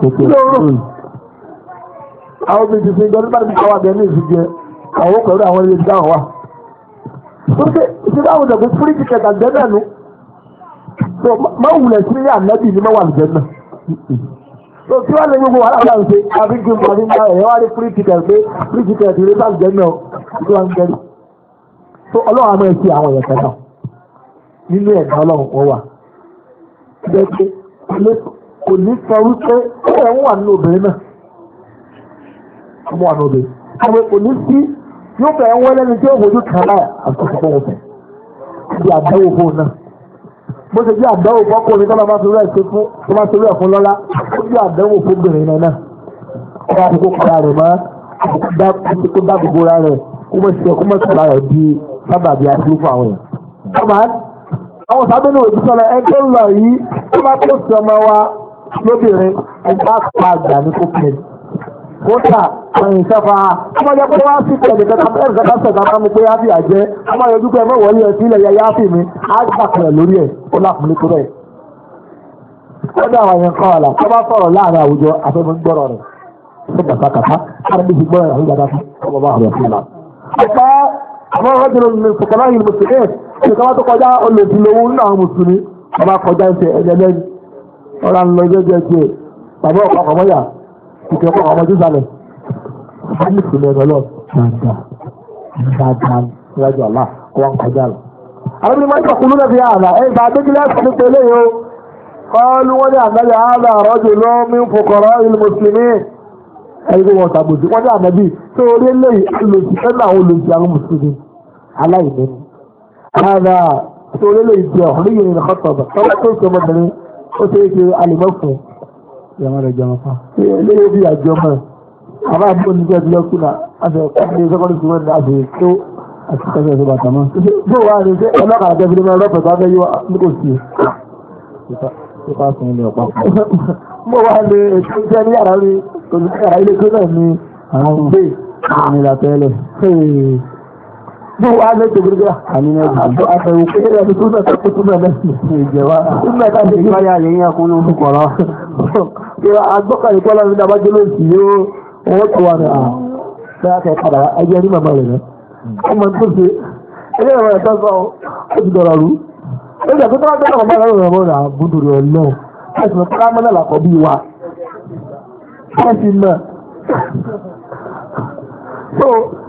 àwọn méjì fún ìjọba nígbàtí àwọn àbẹ̀ ní ìsìnkú àwọn pẹ̀lú àwọn ilé ìdáhùn wa. Sọ́kè ìsìnkáwọn ìdàgbé fúrí ti kẹta jẹ́nà nù. Sọ máa wùlẹ̀ sí ní ànábì ní mẹ́wàá lù jẹ́nà. Sọ tí wàá lè gbogbo wàhálà wà lùsẹ̀ àbí gbé mọ̀ ní ìgbà ẹ̀yẹ́ wá rí fúrí ti kẹ̀lé fúrí ti kẹ̀lé ìrẹ́bà jẹ́nà ìlú wa ń gẹ́rì. Sọ ọlọ́run àmọ́ ẹ̀sìn àwọn ẹ̀yẹ̀ kan náà nínú ẹ̀dá ọlọ́run wọn wà. Bẹ́ẹ̀ kò ní sọ wípé ẹ ń wà nínú obìnrin náà ọmọ wà nínú obìnrin àwọn kò ní sí yóò fẹ́ wọ́n lẹ́nu tí ó wojú kan láà àtúntò fún wọn fẹ́ bí àdáwò fóun náà bó ṣe bí àdáwò fọkùnrin tó máa torí ẹ̀ ṣe fún tó máa torí ẹ̀ fún lọ́lá ó bí àdáwò fóbìnrin náà náà ọba àkókò kọ́ra rẹ̀ mọ́ àkókò dá gbogbo ra rẹ̀ kó mọ̀ sí ọkọ́ mọ̀ sí lóbìnrin ẹgbẹ́ àpá àgbà ní kópin kódà ẹ̀yìn sẹ́fà ọmọdé pé wá sí pẹ̀lú kẹta pẹ̀lú kẹta máa mú pé yáfì àjẹ́ ọmọ yẹn dúpẹ́ mọ́wọ́lé ẹ̀ sílẹ̀ yẹ yáfì á gbà pẹ̀lú lórí ẹ̀ ó tó bẹ́ẹ̀. kódà àwọn yẹn kọ́ ọ̀la tó bá sọ̀rọ̀ láàrin àwùjọ gbọ́rọ̀ rẹ̀ tó bàtà kàtà gbọ́rọ̀ rẹ̀ ọ̀rá ń lọ jẹ́jẹ́ jẹ́ bàbá ọ̀pá ọmọ yà kìkẹ́ ọ̀pá ọmọ jésàlẹ̀ báyìí sì lẹ́nu lọ dáadáa dáadáa níwájú àlá wọn kọjá lọ. alábìrin máa ń sọ kúlú lẹ́bi àlà ẹ̀ bá adékìlẹ̀ ẹ̀sìn ní pẹ̀lẹ́ yìí o kọ́ọ́lù wọn ní ànábì àlà rọ́jò ló mi ń fòkọ̀rọ̀ ìlú mùsùlùmí ẹ̀rí kó wọn sàbòsí wọn ní ànábì tó orí eléyìí ó ṣe é ṣe alìmọ́ fún ilé bí àjọmọ́ àbá àbúrò ní ìjọba ìjọba kúnà àti ọ̀pọ̀lọpọ̀ ìṣọ́kọ́lù tí wọ́n ní àti tó àti kẹsẹ̀ ìṣọ́ba tàmọ́. bó wà ní ṣe ọlọ́kàá jẹ́ fílẹ̀ mẹ́rin lọ́pẹ̀ tó fẹ́ yíwá ní kò sí. bó wà ní ètò iṣẹ́ ní yàrá rí kò sí yàrá ilé tó náà ní àwọn ọmọ bẹ́ẹ̀ ní ìlà tẹ́lẹ̀ duk wa zai ta gurgura a tsaye ko yana da suna ta kutu na nan ne jawa in ba ta ce kawai yayin ya kuna su kwara kira a gbaka ne kwallon da ba jilin su yi o tsawa da da aka yi kada a gyari mamar da kuma tufe ina da mai ta o e a ji doraru ina da kuma ta kama mara da mara budu da wallo a su kama mana lakobi wa kasi ma so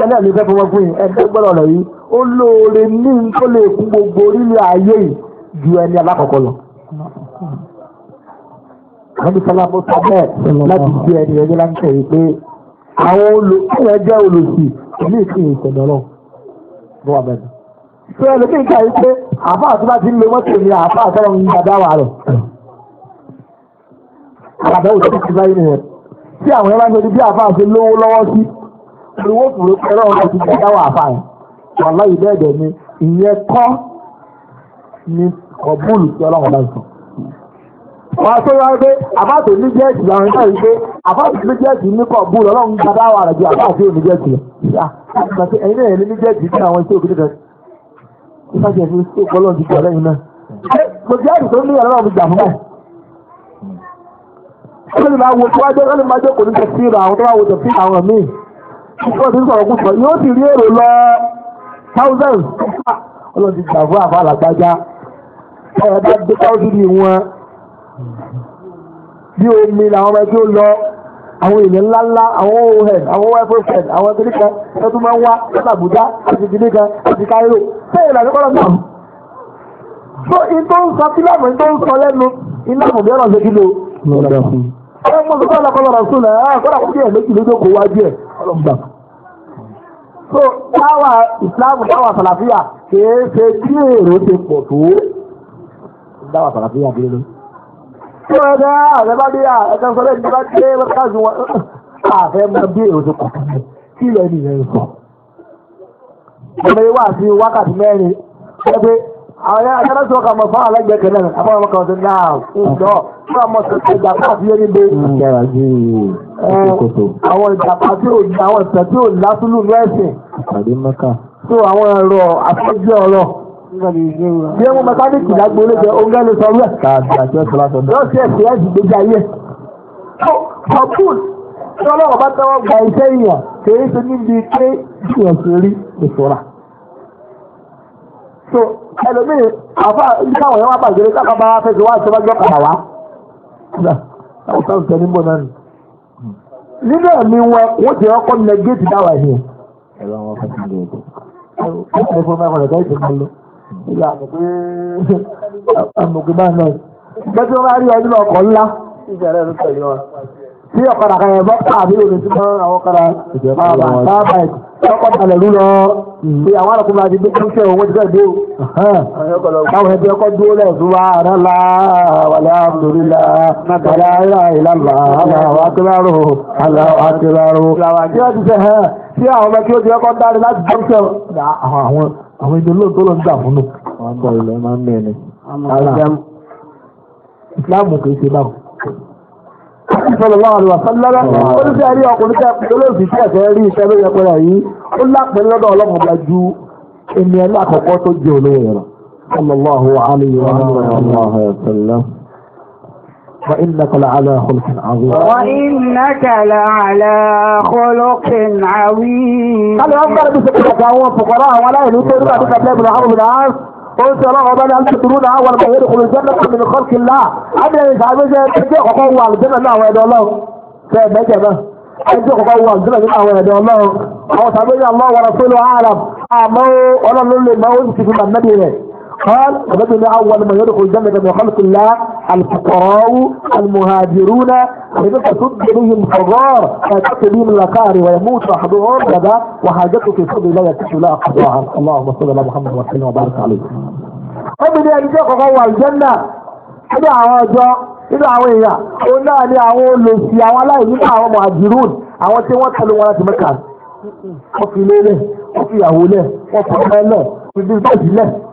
ẹlẹ́ lè fẹ́ fọwọ́ fún yìí ẹgbẹ́ gbọ́dọ̀ rẹ̀ yìí ó lóore ní tó lè kún gbogbo orílẹ̀ ayé ju ẹni alákọ̀ọ́kọ́ lọ. Àwọn ìfọlá mo sọ bẹ́ẹ̀ láti gbé ẹni ẹni láńkẹ́ yìí pé àwọn olùkọ́ jẹ́ olùsì ní ìsìn ìṣẹ̀dọ̀ náà ló wà ẹni kí n kà yìí pé àbá àti bá ti ń lo mọ́tò ní àbá àtọ́rọ̀ ń dada wà rẹ̀? Àbẹ̀wò tó ti báyìí nìyẹn. Tí àwọn ẹ̀rọ owó fòrò pẹ̀lú ọ̀rọ̀ ti jẹ́ dáwọ̀ àfààní wàlá ìlú ẹ̀dẹ̀ ni ìyẹn kọ́ ni kọ̀bùlù tí ọlọ́run bá ń sọ. wọ́n tó yọ pé àbáàtò ní jẹ́ẹ̀tì lọ́run náà wípé àbáàtò ní jẹ́ẹ̀tì ní kọ̀bùlù ọlọ́run gba dáwọ̀ rẹ̀ ju àbáàtò ní jẹ́ẹ̀tì lọ. ẹ̀yin náà ní jẹ́ẹ̀tì ní àwọn iṣẹ́ òkúta ìfàjẹ̀ ní iṣẹ́ ìpọ́lọ́ ti pọ̀ lẹ́yìn náà. mo jẹ́ àdìsó ní ọlọ́run mi gbà fún báyìí ó lè máa wo tí wájú ó lè máa jókòó ní tẹ̀síìrì àwọn tó máa wo tẹ̀síìrì àwọn míì ọ̀pọ̀ ti rí èrò lọ thousands ọlọ́run ti gbàgbọ́ àlàgbájá ọ̀rọ̀ gbé thousand wọn bí omi làwọn ẹgbẹ́ ó lọ àwọn èèyàn ńláńlá àwọn ohen àwọn wẹ́fẹ́fẹ́n àwọn ẹgbẹ́ kan máa wá láti Àbújá àti ìdílé kan àti Káírò bẹ́ẹ̀ ìlànà kọ́lọ́ náà so ìtò ń sọ fílàmù ìtò ń sọ lẹ́nu iná àmọ̀bí ọ̀rọ̀ ṣe kílò ẹ mọ̀ sọ́kọ́ ọ̀lọ́kọ́ lọ́rọ̀ sùn so táwà ìsìláàmù táwà sàlàfíà kìí ṣe tí èrò ti pọ̀ tó dáwà sàlàfíà bí ló. tí wọ́n dá ààrẹ bá dé ààrẹ sọ́lẹ̀ ní bá dé lọ́kàzù wọn ààrẹ mọ bí èrò ti pọ̀ tó kí lẹ́nu rẹ̀ sọ. ọmọ ewa àti wákàtí mẹ́rin ẹgbẹ́ àwọn akẹ́rẹ́ sọ kà mọ̀ fún alẹ́gbẹ̀ẹ́ kẹ́lẹ́ àbọ̀ ọmọ kan tó ní àwọn ìjọ fún àmọ́ sọ̀tẹ̀ ìjàpá àti yé níbi àwọn ìjàpá tí ò ní àwọn ìtẹ̀ tí ò lásùlù ní ẹ̀sìn. so àwọn ẹ̀rọ àfẹ́jẹ́ ọ̀rọ̀ bí ẹmu mẹkáníìkì lágbo olóògbé oúnjẹ lè sọ wẹ̀. yóò ṣe ẹ̀sìn ẹ̀sìn gbèjà yẹ. ọ̀pùn tí ọlọ́wọ́ bá tẹ́wọ́ gba iṣẹ́ ìyàn kì í ṣe níbi pé ìyàn ṣe rí ìṣọ́ra so ẹlòmíì àfa ìkáwọn yẹn wá bàjẹ́ káka bá fẹsẹ̀ wá ìjọba gbọ́ kàwá. ọ̀sán sẹ́ni bọ̀ náà ni. nínú ẹ̀mí wọn wọ́n ti ọkọ̀ nẹgẹ́tì dáwà yẹn. ẹ̀rọ àwọn ọkọ̀ ti dùn ẹ̀kọ́. ẹ̀rọ fún mẹ́fọ̀rẹ̀ ká ìṣẹ̀ kan lọ. ìyá àmọ̀kì bá náà. gbẹ́sẹ̀ wọn rí ọdún ọkọ̀ ńlá. tí ọ̀kadà kan yẹn bọ́ kọ́kọ́ balẹ̀ ló lọ hmm. pé àwọn àlọ́kùnrin àti gbẹ́kẹ́ ṣe òun ti fẹ́ dé o káwọn ẹbí ọkọ̀ dúró lẹ̀ fún wa rẹ̀ la wàlẹ́ àbúrúlá wàlẹ́ àìlà ìlànà aláwọ̀ akérarò aláwọ̀ akérarò tí wọ́n ti fẹ́ hẹ́ tí àwọn ọmọ kí ó ti ọkọ̀ dáre láti gbẹ́kẹ́ àwọn àwọn ìdè lóòótọ́ tó lọ ń dà fún nù. àwọn ọmọ ilẹ̀ máa ń mẹ́rin. Islam kì í ṣe báwọn sallallahu alaihi wasallam ó ní sẹ́ẹ̀rí ọkùnrin tẹ́ olóòsì tí ẹ̀fẹ́ rí iṣẹ́ ló yẹ pẹ́rẹ́ yìí ó lápẹ́ lọ́dọ̀ ọlọ́mọ bá ju ẹni ẹni خلق عظيم قلت يا رب انا انت ترون اول ما يدخل الجنه من خلق الله ابدا مش عايز اجي اقوى على الجنه لا ويا الله فاهم يا جماعه ẹjọ́ kọ̀kọ́ wà sílẹ̀ nínú àwọn ẹ̀dọ̀ ọlọ́run àwọn tàbí ní àwọn ọ̀rọ̀ pẹ̀lú ààrẹ àmọ́ ọlọ́run قال رجل اول من يدخل الجنه من خلق الله الفقراء المهاجرون الذين تصد بهم حضار فتاتي بهم الاقار ويموت احدهم كذا وحاجته في صدر لا يكشف لا قضاها اللهم صل على محمد وسلم وبارك عليه. قبل ان يجيك غوى الجنه اذا عواجا اذا عويا قلنا لي عوون لوسيا ولا يجيك مهاجرون عوون تي وصل ولا تمكا وفي ليله وفي يهوله وفي مالله وفي بلده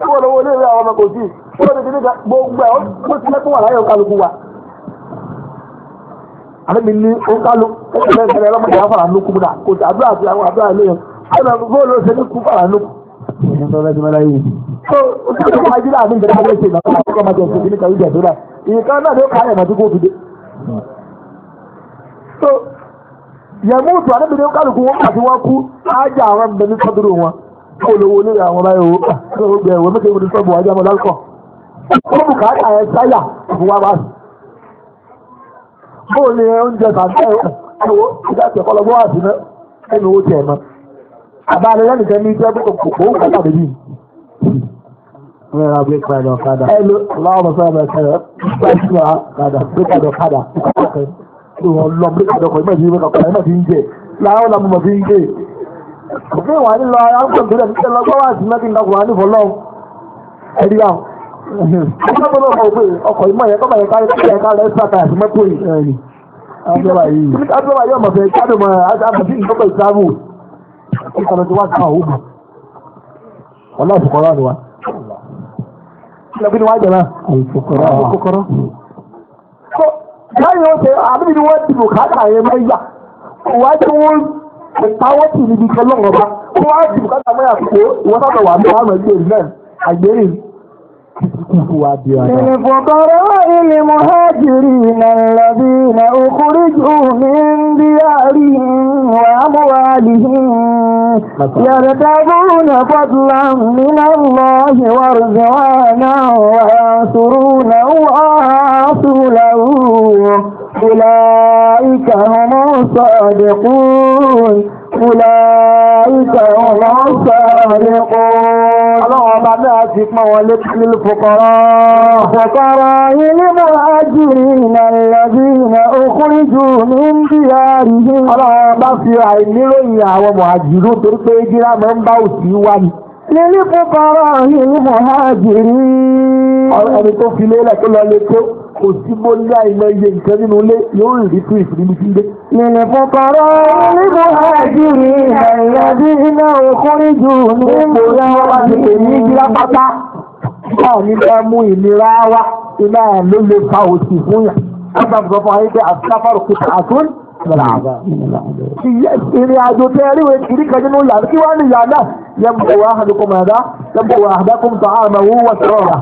wọ́n lọ́wọ́ ilé ìwé àwọn ọmọ kò sí wọ́n lè dédé gbogbo ẹ̀ ó ti lẹ́kùn wà láyé òkàlùkù wa. àbẹ́mi ní òkàlù ẹgbẹ̀rẹ̀ ọlọ́mọdé wà fara lókù múdà kò sí àdúrà àti àwọn àdúrà ilé yẹn ṣe ní kú fara so àdébìnrin wọn àti wọn kú ájà àwọn wọn. olówó olórí àwọn ọba yòó ah, ó gbẹ ìwé mẹ́kẹ́ ìwé sọ́ọ̀bù wájú ọmọdé ọkọ̀ ó bù káàkà ẹ̀ sáyà fún wa báyìí bóò ni oúnjẹ tàbí ẹ̀wọ̀ ìdájọ́ ọlọ́gbọ́n àti ẹnu owó tiẹ̀ mọ́ àbálẹ̀ lẹ́nìkan ní iṣẹ́ kòkòrò òun kọ́tà bèbí Where are we kind of father? Hello, Allah of Father, Father, Father, Father, Father, Father. Ìwọ̀n lọ bí kàdọ̀kọ̀ ìmọ̀ ìdíyẹ́ kàkọ̀ ìmọ̀ òfin wà nílò ara ń pèsè rẹ̀ títẹ̀ lọ́gbọ́n wà sí mẹ́tì ìdàkùn wà ní fọlọ́ ẹ̀rí àwọn ọmọ bọ́lá ọkọ̀ òfin ọkọ̀ ìmọ̀ yẹn tọ́ba yẹn kárí tọ́ba yẹn kárí ẹ̀sì àkàrà sí mẹ́tò yìí. abúlé wàyí ọmọ fẹ́ kádùn mọ́ àbàtì ìdókò ìsáàbù ìkànnì tí wàá kà ó bù wọn náà fòkọrọ ni wa. kílọ̀bí ni wàá jẹ náà. àìfòkọrọ. báyìí wọ́n ṣe àbí ni wọ́n dìbò káàkiri àyè ìpawọ́ tì níbi kan lọ́wọ́ bá ó wá jù bùkátà mọ́ àsìkò ìwọ́n sábà wà ní àwọn ẹgbẹ́ ìlú náà àgbèrè للفقراء المهاجرين الذين أخرجوا من ديارهم وأموالهم يرتبون فضلا من الله ورضوانا وينصرون الله رسوله أولئك هم الصادقون أولئك هم الصادقون Ọlọ́run ọba náà ti pọ́n wọn lé nílùú fòkọrọ. Fòkọrọ ilé máa jìrì ìnàlẹ́bí ìnà okùnrin jù ní ń bí ààrí. Ọlọ́run ọba fi àìníròyìn àwọn mọ̀hàjìrò torí pé jíra mọ́ ń bá òsì wá ni nílí púpọ̀rọ̀ ìlú mọ̀háàjìrí. ẹni tó fi lé lẹ́kọ́ lọ lé tó kò sí mo ní àìmọ̀ iye nǹkan nínú ilé yóò rìn rí fún ìfúnni sí ilé. nílí púpọ̀rọ̀ ìlú mọ̀háàjìrí ẹ̀yà iná òkúrin jù ní ìpòlá wa ti èmi ìjìlá pátá. báwo ni bá mú ìnira wá iná ló lè fa òsì ìrìnàjò tẹ́ rí wọ́n kiri kan nínú ìyá kí wọ́n ní ìyá náà yẹ́nbù wá àdúkùn mẹ́ta yẹ́nbù wá àdákùn tó àmà wú wọ́n sọ̀rọ̀ rà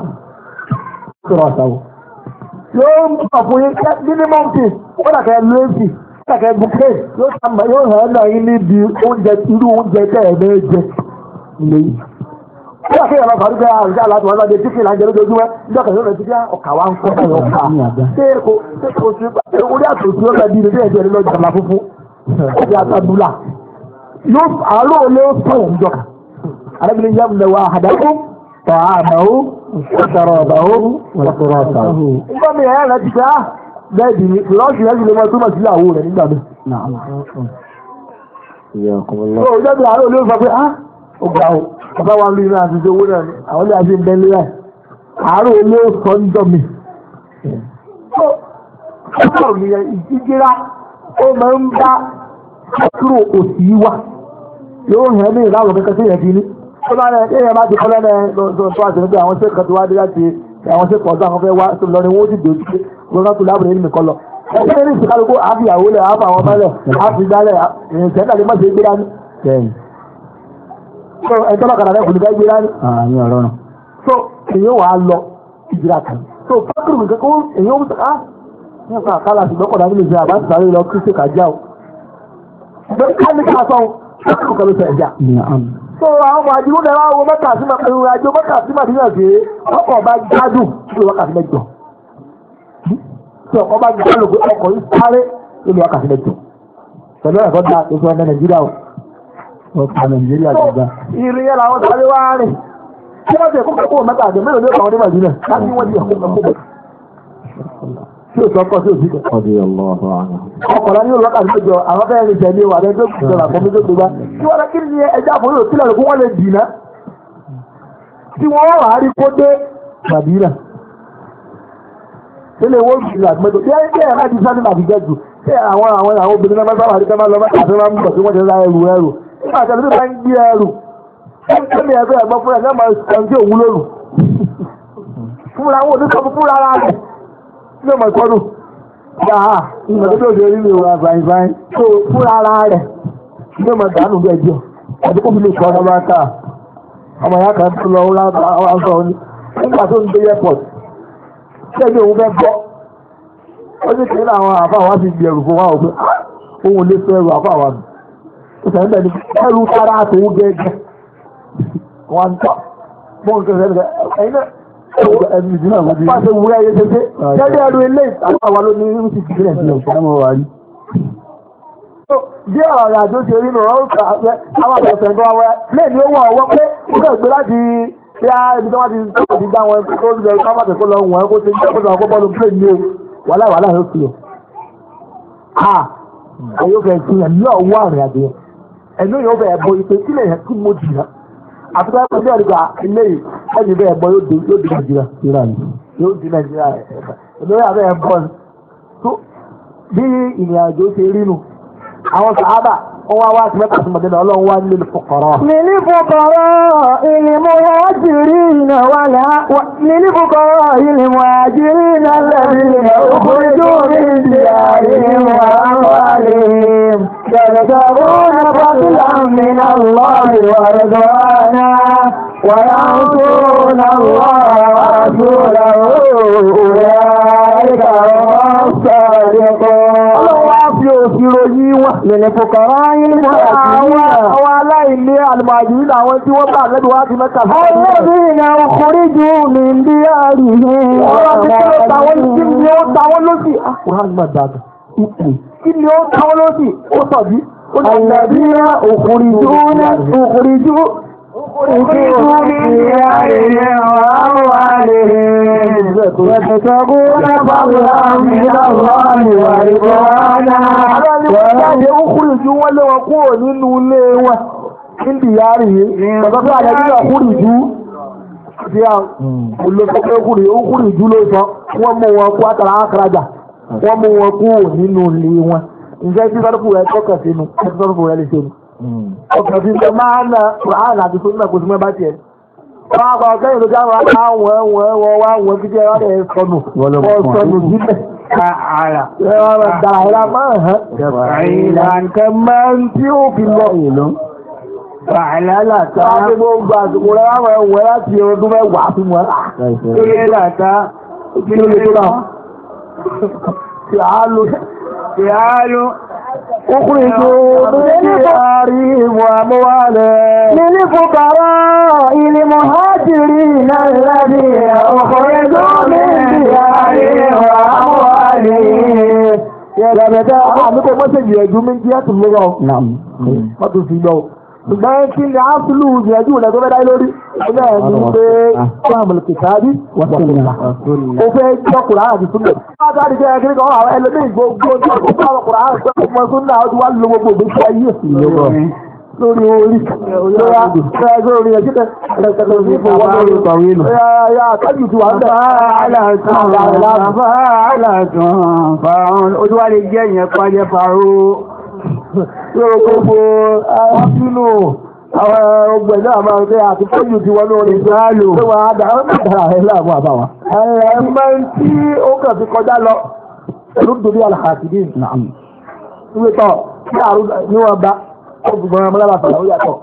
sọ̀rọ̀ sọ̀rọ̀. yóò ń bọ̀ fún yín minimum fees ó dàkẹ́ lẹ́sì dàkẹ́ bukẹ́ yóò hàn náà yín níbi oúnjẹ irú oúnjẹ tẹ́ ẹ̀ mẹ́jẹ lẹ́yìn. Nígbà tí ìyàrá bàrúgbà àrùjá láti wọn lọ́dẹ tíkì láńjẹ lójoojúmọ́, nígbà kan yóò lọ sí bí ọkà wa ń fún ọ̀rọ̀ ọ̀ka. Ṣé kò ṣe kò sí orí àtòsí ọ̀ka di ìrètí ẹ̀jẹ̀ lọ jàmbá fúnfún? Ó fi àtàdúlà. Yóò àárọ̀ olé ó sọ̀rọ̀ níjọ kan. Arábìnrin yẹn lè wa àdákú, tààbàó, ìṣàrọ̀bàó, ìṣàrọ̀bàó. Nígbà mi ẹ̀ rẹ̀ ti fẹ́ bẹ́ẹ̀ dì ní lọ́ọ̀sì rẹ̀ sì lè mọ túmọ̀ sí àwo rẹ̀ nígbà mi. Ìyá ọkọ̀ ó gbà ó bàbá wa rí iná àtijọ́ owó náà ni àwọn ilé àti ìbẹ́ nílẹ̀ àárọ̀ ilé ó sọ ń dọ̀ mí. ó sọ̀rọ̀ nìyẹn ìjíjíra ó máa ń bá kúrò òsì wá yóò hẹ́ ní ìlànà kankan sí ìyẹn kìíní ó bá rẹ̀ ẹ̀yẹ bá ti kọ́ lẹ́nu ẹ̀ lọ́sọ̀tọ́ àti nígbà àwọn iṣẹ́ kan ti wá dé láti àwọn iṣẹ́ pọ̀ tó àwọn fẹ́ wá sí lọ wọ́n ti dòjú pé gbọ́dọ̀ ẹjọ́ ọ̀kadà rẹ̀ kò ní ká gbé rání. àmì ọ̀rọ̀ nù. so èyàn wà á lọ ìjìlá kan so fákìrì nǹkan kó èyàn ó ah ní ọkọ àkàlà ṣùgbọ́n kọ̀dà nílé ìjìlá àbá sàárè lọ kí ṣe kàjá o. ṣùgbọ́n ká ní ká sọ fákìrì kan ló sọ ẹ̀já. so àwọn ọmọ àjùmọ̀ náà wá wo mẹ́ta sí màkà ìrìn àjò mẹ́ta sí màkà ìrìn àjò ọkọ̀ ọba gbádùn ìlú wákàtí mẹ́jọ. ọkọ̀ ọba gbádùn ọkọ̀ ọ̀pọ̀ nàìjíríà gbogbo. ìrìnyẹ́ làwọn sáré wá rìn ni jẹ̀mí wà lẹ́jọ́ ìjọ làkọ́ mi tó tó bá tí wọ́n kí ni ẹja àfọ̀rí òsì lẹ́nu kó nígbà tí ẹlòmíì bá ń gbé ẹrù ẹlòmíì ẹgbẹ́ ẹ̀gbọ́n fúnra ẹ̀ náà máa ń gbé òun lóru fúnra wọn ò ní sọ fúnra ara rẹ̀ tí ó mọ̀ sọ́dún gbàá ìmọ̀ tó dòde orí mi ò ra báyìí báyìí tó fúnra ara rẹ̀ tí ó mọ̀ dànù bẹ́ẹ̀ jọ àdúgbò fi lè sọ ọ́ bá ká ọmọ ìyá kan tó lọ ńlá ọ̀sán òní nígbà tó ń dé airport ṣẹ́ni òun fẹ́ kí ní àwọn àfáà wá sí fún wa òpin òun lè fẹ́ ru àfáà wa ìṣẹ̀lẹ̀ ní ẹrù kára àtòwò gẹ́gẹ́ wọn tọ́ mọ́ nǹkan ìṣẹ̀lẹ̀ ẹ̀yìn ẹ̀mí ìdílé àwọn ọmọdé pàṣẹ wúrẹ́ ayé ṣe ṣe gẹ́gẹ́ ẹrù ilé ìtàkùn àwọn olóyún ní ti ìpínlẹ̀ ìpínlẹ̀ ìpínlẹ̀ wà rí. bí ọ̀rọ̀ rẹ̀ àjọ ṣe rí nù ọ́ àwọn àbẹ̀fẹ̀ ń bọ́ wẹ́ lé ní owó ọwọ́ pé ó kẹ́ gbé láti yá ibi tí wọ́n ti tó ti gbá wọn tó ti lọ káwọn àtẹ̀kọ́ lọ wọ̀n kó ti ń jẹ́ kó ẹnu yẹn ọbẹ ẹbọ yìí pé kí lè yẹn tún mọ jìnnà àfikún ẹgbẹ bí ẹni bẹ yóò di nàìjíríà yóò di nàìjíríà ẹnu yẹn abẹ ẹbọ ni tó bí ìrìn àjò ṣe rí nu àwọn sàábà wá wá sí sí mọdé náà wá nílé fọkọrọ. fọkọrọ iná wà fọkọrọ iná lẹ́yìn mi تبتغون فضلا من الله ورضوانا وينصرون الله ورسوله أولئك هم الصادقون ìròyìn wọn lẹ́lẹ̀ fòkàrá yìí àwọn aláìlé alìmọ̀jì ní àwọn tí wọ́n bá lẹ́bí wá ti mẹ́ta fún ọdún ọdún ìrìnà ọkùnrin jù mí ń bí àrí yìí ọ̀rọ̀ tí kí ló tàwọn lósì kí ni ó dáwọ́ lódì ó tọ̀bí. Àlàbíyá òkùnrinjú ní òkùnrinjú òkùnrinjú ní ìyá ìyẹn àwọn àlèrè. Yẹ̀tẹ̀tẹ̀kú nípa Bùhámi lọ́wọ́ àlèwà ìgbọ́nà. Àwọn òkùnrinjú wọn lé wọn kúrò nínú ilé wọn. Níbi ìyá rí yìí, bàbá bí àlàbíyá òkùnrinjú ti à ń lọ sọ pé òkùnrinjú ló sọ, wọ́n mú wọn kú àtàrà àkàràjà. wọ́n mú wọn kúrò nínú ilé wọn ǹjẹ́ tí sọ́dọ̀kù rẹ tọ́kàn sínú ẹ̀ tí sọ́dọ̀kù rẹ lè ṣe ni. na quran àti sunna kò sí mọ́ bá tiẹ̀. wọ́n á kọ́ ọ̀kẹ́yìn ló jáwọ́ àwọn ẹ̀wọ̀n ẹ̀wọ̀n wá sọnù sílẹ̀. Wọ́n fi gbogbo àsìkò rẹ̀ láwọn láti تعالوا تعالوا اخرجوا من ديارهم واموالهم من فقراء المهاجرين الذين اخرجوا من ديارهم واموالهم يا رب يا عم كنت ما تجي يا جماعه نعم ما تفهموا ṣùgbọ́n kí ni áṣùlù ìyẹ̀jú rẹ̀ tó fẹ́ dáyé lórí ẹgbẹ́ ẹ̀mí pé fáàmù kìtàbí wàtúnlá ó fẹ́ jẹ́ kùrán àti súnlẹ̀. wọ́n bá ti jẹ́ kí nìkan àwọn ẹlẹ́mìí gbogbo tó kó fáwọn kùrán àti ọmọ súnlẹ̀ ọdún wá lọ gbogbo ìgbésí ayé lórí orí lórí ẹ̀jẹ̀ lẹ́sẹ̀lẹ́ ní ìfowó lórí ìtàwé nù. ya kájú ti wà ń bẹ̀. fàálàtàn fàálàtàn fàálàtàn ojú wa lè jẹ́ ìyẹn pàjẹ́ pàró yóò gbogbo ápínú àwọn ọgbẹ̀ náà máa ń rẹ́ àti fẹ́jù ti wọnú orin ìjọ àlò pé wọ́n á dára mẹ́tàrà rẹ̀ láàmú àbáwá. ẹ̀ máa ń tí ó kàn fi kọjá lọ pẹ̀lú dòdí àlàkàtìdì nàmì. Ìwé tọ̀ kí àrùn ní wọn bá ó gbọ́n ọmọ lára fàlà ó yàtọ̀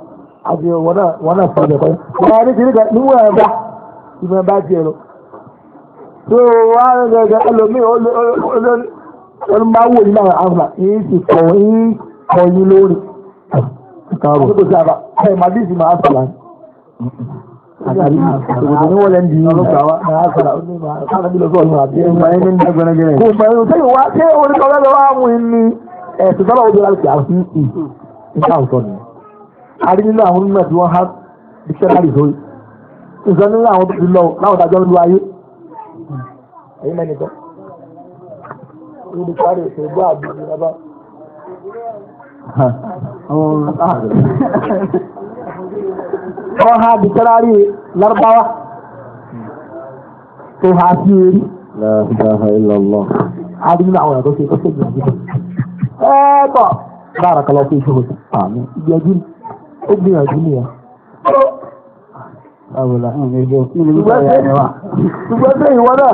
àti wọn náà wọn náà fọdọ̀ pẹ́. Bàbá mi ti rí kan níwọ̀n ẹ̀ bá ìmọ̀ bá tiẹ̀ lọ. Tó wá gẹ́gẹ́ ẹlòmíì wọ́n bá wò nígbà àgbà yìí sì kọ̀ yìí kọ̀ yìí lórí. Kàrò. Ṣé kò sí àbá? Ẹ màá bí ìsìn máa sọ̀rọ̀ ni. Àtàrí ìṣòwò ní wọ́n lẹ́ ń di ọlọ́gbà wa. Máa sọ̀rọ̀ ní máa sọ̀rọ̀ bí lọ́sọ̀rọ̀ ní àbí. Kò mọ̀ ẹni ní ẹgbẹ̀rún gẹ́rẹ́. Kò mọ̀ ẹni sẹ́yìn wá ṣé orí kan lọ́wọ́ wá mú ni ẹ̀sìn tọ́lọ̀ ó dọ́là kìá sí ì nígbà ọ̀sọ̀ ni. A rí nínú àwọn onímọ̀ tí wọ́n há dictionary sórí. Ìsọ nínú àwọn tó ti lọ láwọn ìdájọ́ ń lu ayé. Ẹ̀yin mẹ́ni kan níbi kárí ètò ìbú àbúrò bàbá. Wọ́n ha dìtẹ́rárì lárúbáwá tó ha sí orí. La ilaha illallah. A dì nínú àwọn ẹ̀kọ́ sí ẹ̀kọ́ sí ìgbìyànjú. Ẹ́ẹ̀tọ̀ bára kalọ́ fún ìṣòro àmì ìgbìyànjú ó gbìyànjú nìyẹn. Ìgbẹ́sẹ̀ ìwọ náà.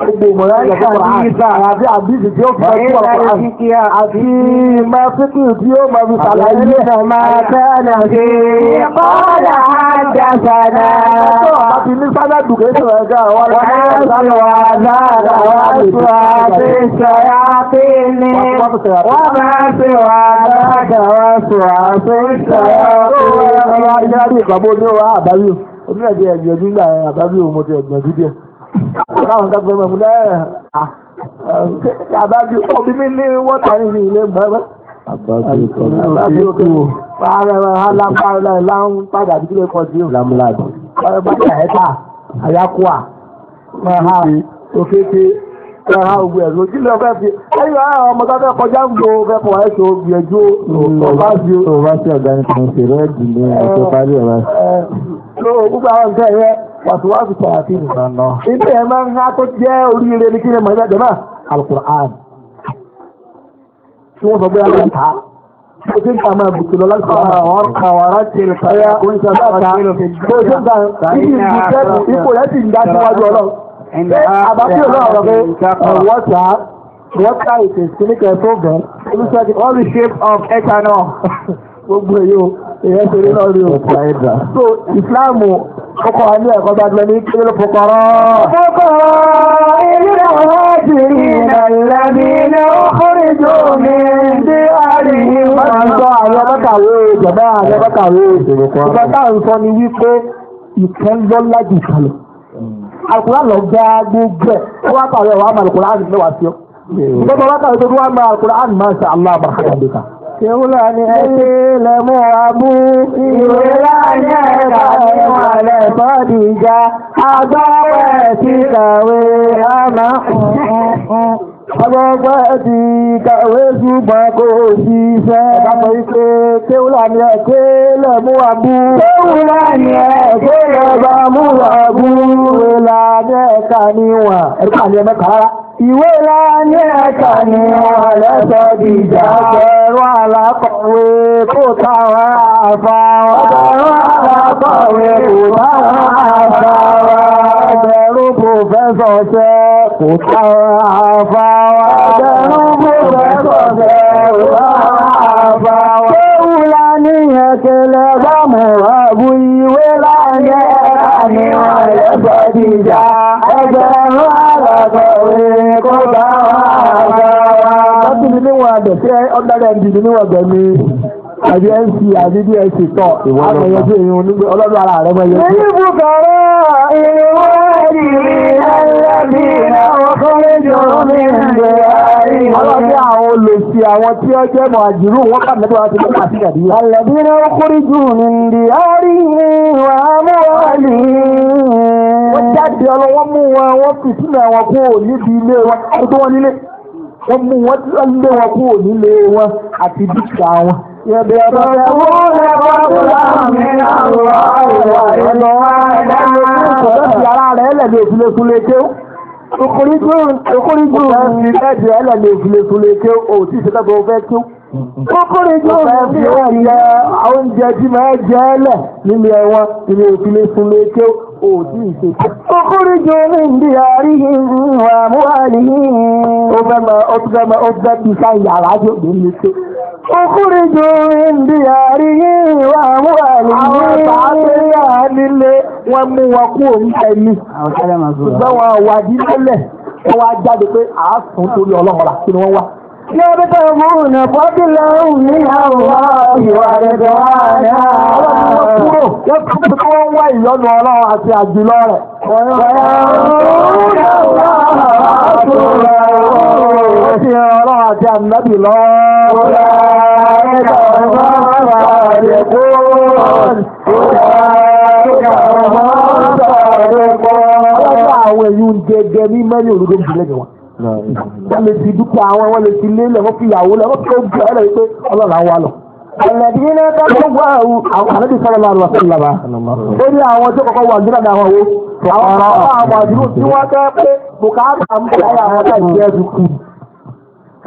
Gbogbo mọ̀láìkà ní ìta àti àbíjì tí ó fi ọjọ́ ọ̀pọ̀ àti mẹ́fíkì tí ó mọ̀ fi ṣàlàyé náà máa tẹ́lẹ̀ ṣe kọ́lá àjàṣàdá. Ọjọ́ ọ̀pá ti ní sádàdù kéṣù ẹ̀gá àwọn aláìsàlọ́wà láàrá àwọn àti ìṣẹ̀yà pé ní wọ́n máa ṣe wà láàrá àti ìṣẹ̀yà pé ní. Ìyá rí ìgbàgbọ́ ní wà àbáyé. Onílẹ̀-èdè ẹ̀gbẹ̀gbẹ̀ àbáyé òun mo ti ẹ̀gbẹ̀gbẹ̀ díẹ̀. Láwọn kan gbọ́dọ̀ mú lẹ́rẹ̀ ah, ah, ah, àbájú omi mi ní wọ́tà ní ilé gbẹ́gbẹ́. Àbájú òkè wò. Ààrẹ alápárá láwọn padà bí kílé kọjú. Lámúláàdì. Ọ̀rẹ́ bàtà ẹ̀ta àyákùá. Mọ̀ha òkété. Mọ̀ha ògbó ẹ̀ lójú lọ fẹ́ fi. Ẹyọ àwọn ọmọ tó fẹ́ kọjá ń gbòó fẹ́ kọ̀ ẹ́sọ̀ gbìyànjú òbáṣe. Òbáṣe ọ̀gá ni kò ń ṣe rẹ́ẹ̀dì ní ọ̀tọ̀ parí ọ̀rá. Eh, gbogbo àwọn nǹkan yẹn wàtúwàsù tààtì nìkanà. Ibi ẹ̀ máa ń há tó jẹ́ oríire ní kí ni mọ̀ ní àjọ̀mọ́ alukur'an. Tí wọ́n sọ pé àwọn ọ̀tá. Ó ti ń ta máa bùtù lọ láti sọ̀rọ̀. Àwọn kàwárà ti rẹ̀ sáyà oúnjẹ àbáta. Tó o ti ń ta ibi ìgbésẹ̀ ipò rẹ̀ sì ń dá síwájú ọlọ́. Ṣé àbáfí òun ọ̀rọ̀ pé ọ̀wọ́ ta wọ́n ká ètò ìsìnkẹ́ tó bẹ̀? Olùsọ̀dì all the shape of ethanol. gbogbo èyí o èyẹ ṣe rí lọ́rí o. so ìsìláàmù kọ́kọ́ wa ní ẹ̀kọ́ bá gbẹ ní kíló ló fọkọrọ́. ilé àwọn àjèrè ìlàlẹ́bí ni ó kórè jò ní bí àríyìn máa ń sọ àwọn ọmọkàwé ìjọba àwọn ọmọkàwé ìjọba táà ń sọ ni wípé ìkẹ́ńdọ́lá jù kalẹ̀ alukura lọ gbẹ gbogbo ẹ wọn kàwé wàá ma alukura àti mẹwàá sí ọ. bọ́dọ̀ wọn kàwé tó wọn ma máa ṣe aláàbàkàtà bẹ́ẹ̀ kan. Ṣéwúlọ̀ ni ẹni ilẹ̀ mú abú, ìrẹ́lá ní ẹ̀dà ní wàlẹ̀ bọ́dì ìjà, agbọ́wọ́ ẹ̀ ti kàwé àmà. Agbọ́gbọ́ ti kàwé ṣùgbọ́n kò sí iṣẹ́. Ẹ̀dàpọ̀ wípé Ṣéwúlọ̀ ni ẹ̀kẹ́ ilẹ̀ mú abú. Ṣéwúlọ̀ ni ẹ̀kẹ́ ilẹ̀ mú abú, ìrẹ́lá ní ẹ̀ka níwọ̀n. Ẹ̀dùkà ni ẹ̀mẹ́kà rárá. Ìwé láàní ẹ̀ka ni ọ̀lẹ́sọ̀ dìjà bẹ̀rù alákọ̀wé kò táwọn àfà wa. Bẹ̀rù alákọ̀wé kò táwọn àfà wa. Bẹ̀rù pòfẹ́sọ̀ ṣẹ́ kò táwọn àfà wa. Bẹ̀rù pòfẹ́sọ̀ ṣẹ́ kò táwọn àfà wa. Kéwù láàní ẹ̀kẹ́lẹ́ bá mọ̀ wá mi wọn lẹ́gbọ́ dìjà ẹgbẹ̀rún àlọ́kọ̀wé kó bá wọn àgbà wa. láti ní níwọ̀n àgbẹ̀ tí ọ̀dọ́rẹ̀ ń dìde níwọ̀n àbí mc àbí dsc tọ̀ àwọn èèyàn tí èèyàn onígbé ọlọ́dún ara rẹ̀ mọ̀ yẹn. èyí bùkọ̀rọ̀ ìwádìí ẹlẹ́bí ọkùnrin jọ ní ìgbé ayé. ọlọ́dún àwọn olùsí àwọn tí ó jẹ́ mọ̀ àjùrú wọn kà nípa ti lọ́kà sí ẹ̀dí. ẹlẹ́bí ni ó kúrú jù ní ìdí àárí ìwà amúhàlì. wọ́n jáde ọlọ́wọ́ mú wọn wọ́n fìtínà wọn kó níbi ilé wọn kó tó wọn nílé wọ́n mú wọn lé wọn kó nílé wọn àti dúkìá wọn. يبتغون فضلا من الله ورضوانا Okúríjú ìrìnlẹ́jì ẹlẹ́lẹ́ ìfìlẹ̀fìlẹ̀ kí o tí ìṣẹ́ta tó fẹ́ kí o. Okúríjú ìrìnlẹ́ oúnjẹ tí máa jẹ́ ẹlẹ̀ nílé ẹwọ́n ilé ìfìlẹ̀fìlẹ̀ kí o tí ìṣẹ́ta. Okúríjú ìrìnlẹ́ àríhìn wà mú àríhìn. Ó fẹ́ máa ó Òkúrìjò ìndí àríyìn ìwà àmúwà ní àwọn tààtẹ́yà nílé wọ́n mú wọn kú òmìnà ní. Ṣùgbọ́n wọn wà dílélẹ̀, wọ́n wá jáde pé àásùn torí ọlọ́ọ̀rà kí ni wọ́n wá. يبتغون فضلا من الله ورضوانا Wọ́n wá ìyọ́nù ọlọ́run àti àjùlọ rẹ̀. Wọ́n yá ń rú náà wá àtúrà ọ̀rọ̀ ẹ̀sìn ọlọ́run àti àmìlẹ́bì lọ́wọ́ àwọn èyí ń gẹ́gẹ́ ní mẹ́rin òdòdó ìbílẹ̀ wọn wọ́n lè ti dúkìá àwọn wọ́n lè ti lélẹ̀ wọ́n fi ìyàwó lẹ̀ wọ́n fi ó gbẹ̀ ọ́lẹ̀ wípé ọlọ́run àwọn àlọ́ Àlẹ́bí ní kọ́kọ́ wà áwù àwọn àlẹ́bí sọ́rọ̀ láàrùn ọ̀sẹ̀ ìlàbà. Ó ní àwọn tó kọ́kọ́ wà nílẹ̀ àwọn owó. Àwọn àwọn àdúró tí wọ́n tẹ́ pé bùkátà ń bọ̀ láyà àwọn ọ̀tá ìjẹ́ ẹ̀dùn kù.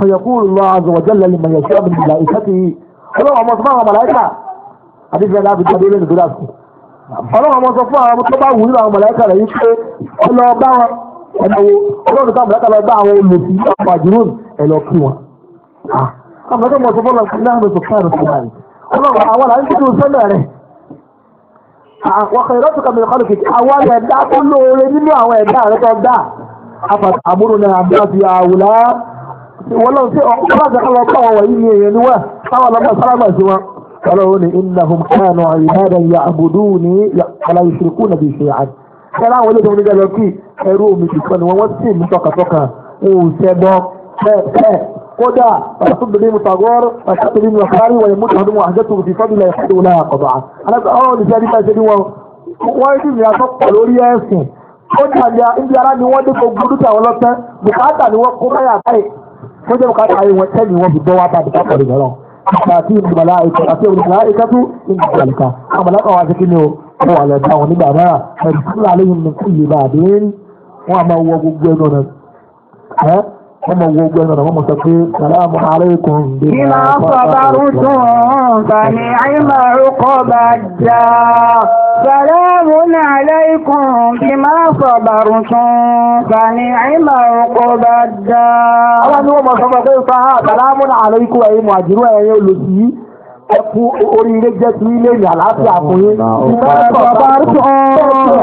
فيقول الله عز وجل لمن يشاء من ملائكته ọlọ́run ọmọ sọ fún àwọn mọ̀láíkà àdéhùn ẹ̀dá àbíjọ délé ní gúdà sí ọlọ́run ọmọ sọ fún àwọn ọmọ tó bá wù nínú àwọn mọ̀láíkà rẹ̀ yìí pé ọlọ́ bá wọn ẹ̀nà wo ọlọ́run táwọn mọ̀láíkà lọ bá àwọn olùsí ọmọ àjùrún ẹ̀ lọ kí wọn. àwọn ọmọ sọ fún ọlọ́run náà ló sọ fún àrùn fúnra rẹ̀ ọlọ́run àwọn là ń tún sẹ́lẹ̀ rẹ̀ wọ́n kẹ́rọ́ tó kàmì lọ́kọ́ lókè àwọn ẹ̀dá tó lóore nínú àwọn ẹ̀dá rẹ̀ tó dá àfàtà àbúrò náà àbúrò àti àwòlá wọ́n lọ́n sí ọ̀pọ̀lọpọ̀ àwọn ọ̀pọ̀ àwọn wọ̀nyí ni èèyàn ni wá táwọn ọlọ́mọ sálábà sí wọn. ọlọ́run ní innahum kanu ibadan ya'buduni wala yushrikuna bi shay'an. kẹ́lá àwọn olóògbé onígbà lọ kí ẹrú omi kìkan ni wọ́n wọ́n sì mú tọkàtọkà wọn ò ṣẹ́ bọ́ bẹ́ẹ̀ kódà ọ̀sọ́bìnrin mutagọ́rọ̀ ọ̀sọ́bìnrin mutagọ́rọ̀ wọ̀nyí mú tọ́dún wọn àjẹtù fi fọ́bìlà ìfọ́dún wọn àkọ́bà. ọ̀rọ̀ nìṣẹ́ nípa ìṣẹ́ ni wọn wọ́n ti rìn aṣọ lórí ẹ̀sìn kódà ní ara ni wọ́n dé gbogbo dúkìá wọn lọ́tẹ́ bùkátà ni wọ́n kó báyà báyìí tó jẹ́ bùkátà ayé wọn tẹ́lẹ̀ wọn fi gbọ́ wá bàbá pàdé lọ́rọ̀ àti ìmọ̀lá ìkọ́ àti ìmọ̀lá ìkẹ́tù ìmọ̀lá àmọ̀lá kan wá sí kí ni o wọ́n wà lọ́dọ̀ àwọn nígbà náà ẹ̀rù fúnra lẹ́yìn nìkú yìí bá àdéhìn wọn àmọ́ wọ gbogbo ẹnu ọ̀nà wọ́n mọ̀ gbogbo ẹ̀nà wọ́n mọ̀ sọ pé sàlámù aláìkùn bí i máa sọ̀bàrú tún fàní àìmàrú kọ́ bá já sàlámù aláìkùn bí i máa sọ̀bàrú tún fàní àìmàrú bá já. àwọn wọ́n mọ̀ sọ pé sàlámù aláìkùn ẹ̀yìn mọ̀ àjírò ẹ̀yìn olùsí ẹkú oríire jẹ́ ti ilé ní àlàáfíà fún yín. Mẹ́tọ̀ bá rí ọ́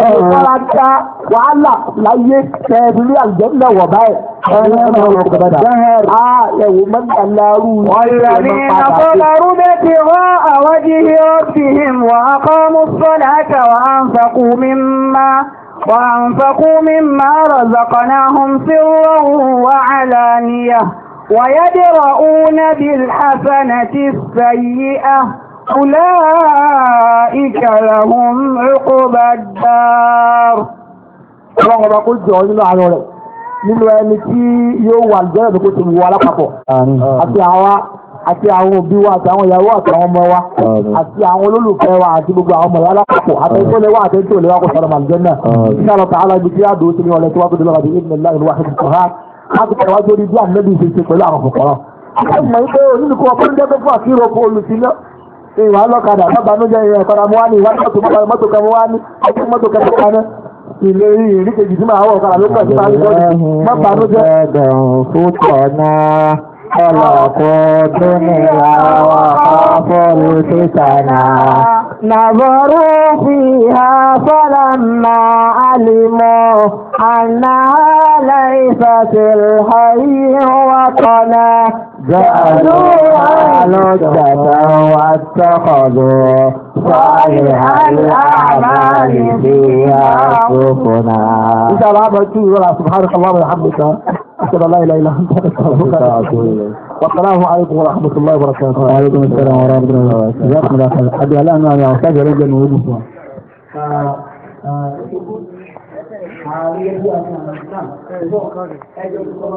ọ̀rọ̀dá wàhálà láyé kẹ́ẹ̀bí ní àlùjẹ́nà wọ̀ báyìí. Ẹ̀wò mẹ́ta lárú. Ọ̀lẹ́ni àfọlárú bẹ́ẹ̀ wá àwájú ọ̀fìhìn wà á kọ́ mú sọ́dà àkà wà á ń fakú mímá. وأنفقوا مما رزقناهم سرا وعلانية ويدرؤون بالحسنة السيئة أولئك لهم عقب الدار الله ما قلت جهو جميع الله نلو أنكي يو والجنة بكوت مو على قفو أتي عوا أتي عوا بيوا أتي عوا يوا أتي عوا موا أتي عوا لولو كيوا أتي بقوا عوا موا على قفو أتي عوا لوا أتي عوا لوا قفو سلام الجنة إن الله تعالى بكيا دوسني ولا توابد الله بإذن الله الواحد القهار láti kẹwà lórí bí àmì ṣe ṣe pẹ̀lú àwọn kòkòrò. àmọ́ ìpè onílùkọ́ ọkùnrin jẹ́ fún àfihàn oko olùsíná ìwà lọ́kadà lábàánújẹ́ ìrìn ẹ̀kọ́ra mú wá ní ìwádìí náà خلقوا الدنيا وخافوا الفتنا نظروا فيها فلما علموا أنها ليست الحي وطنا جعلوا لجة واتخذوا صالح الأعمال فيها سفنا إن شاء الله سبحانك اللهم وبحمدك أشهد أن لا إله إلا أنت والسلام عليكم ورحمة الله وبركاته وعليكم السلام ورحمة الله وبركاته جزاكم الله خير أبي الآن أنا أحتاج رجل موجود حاليا هو أنا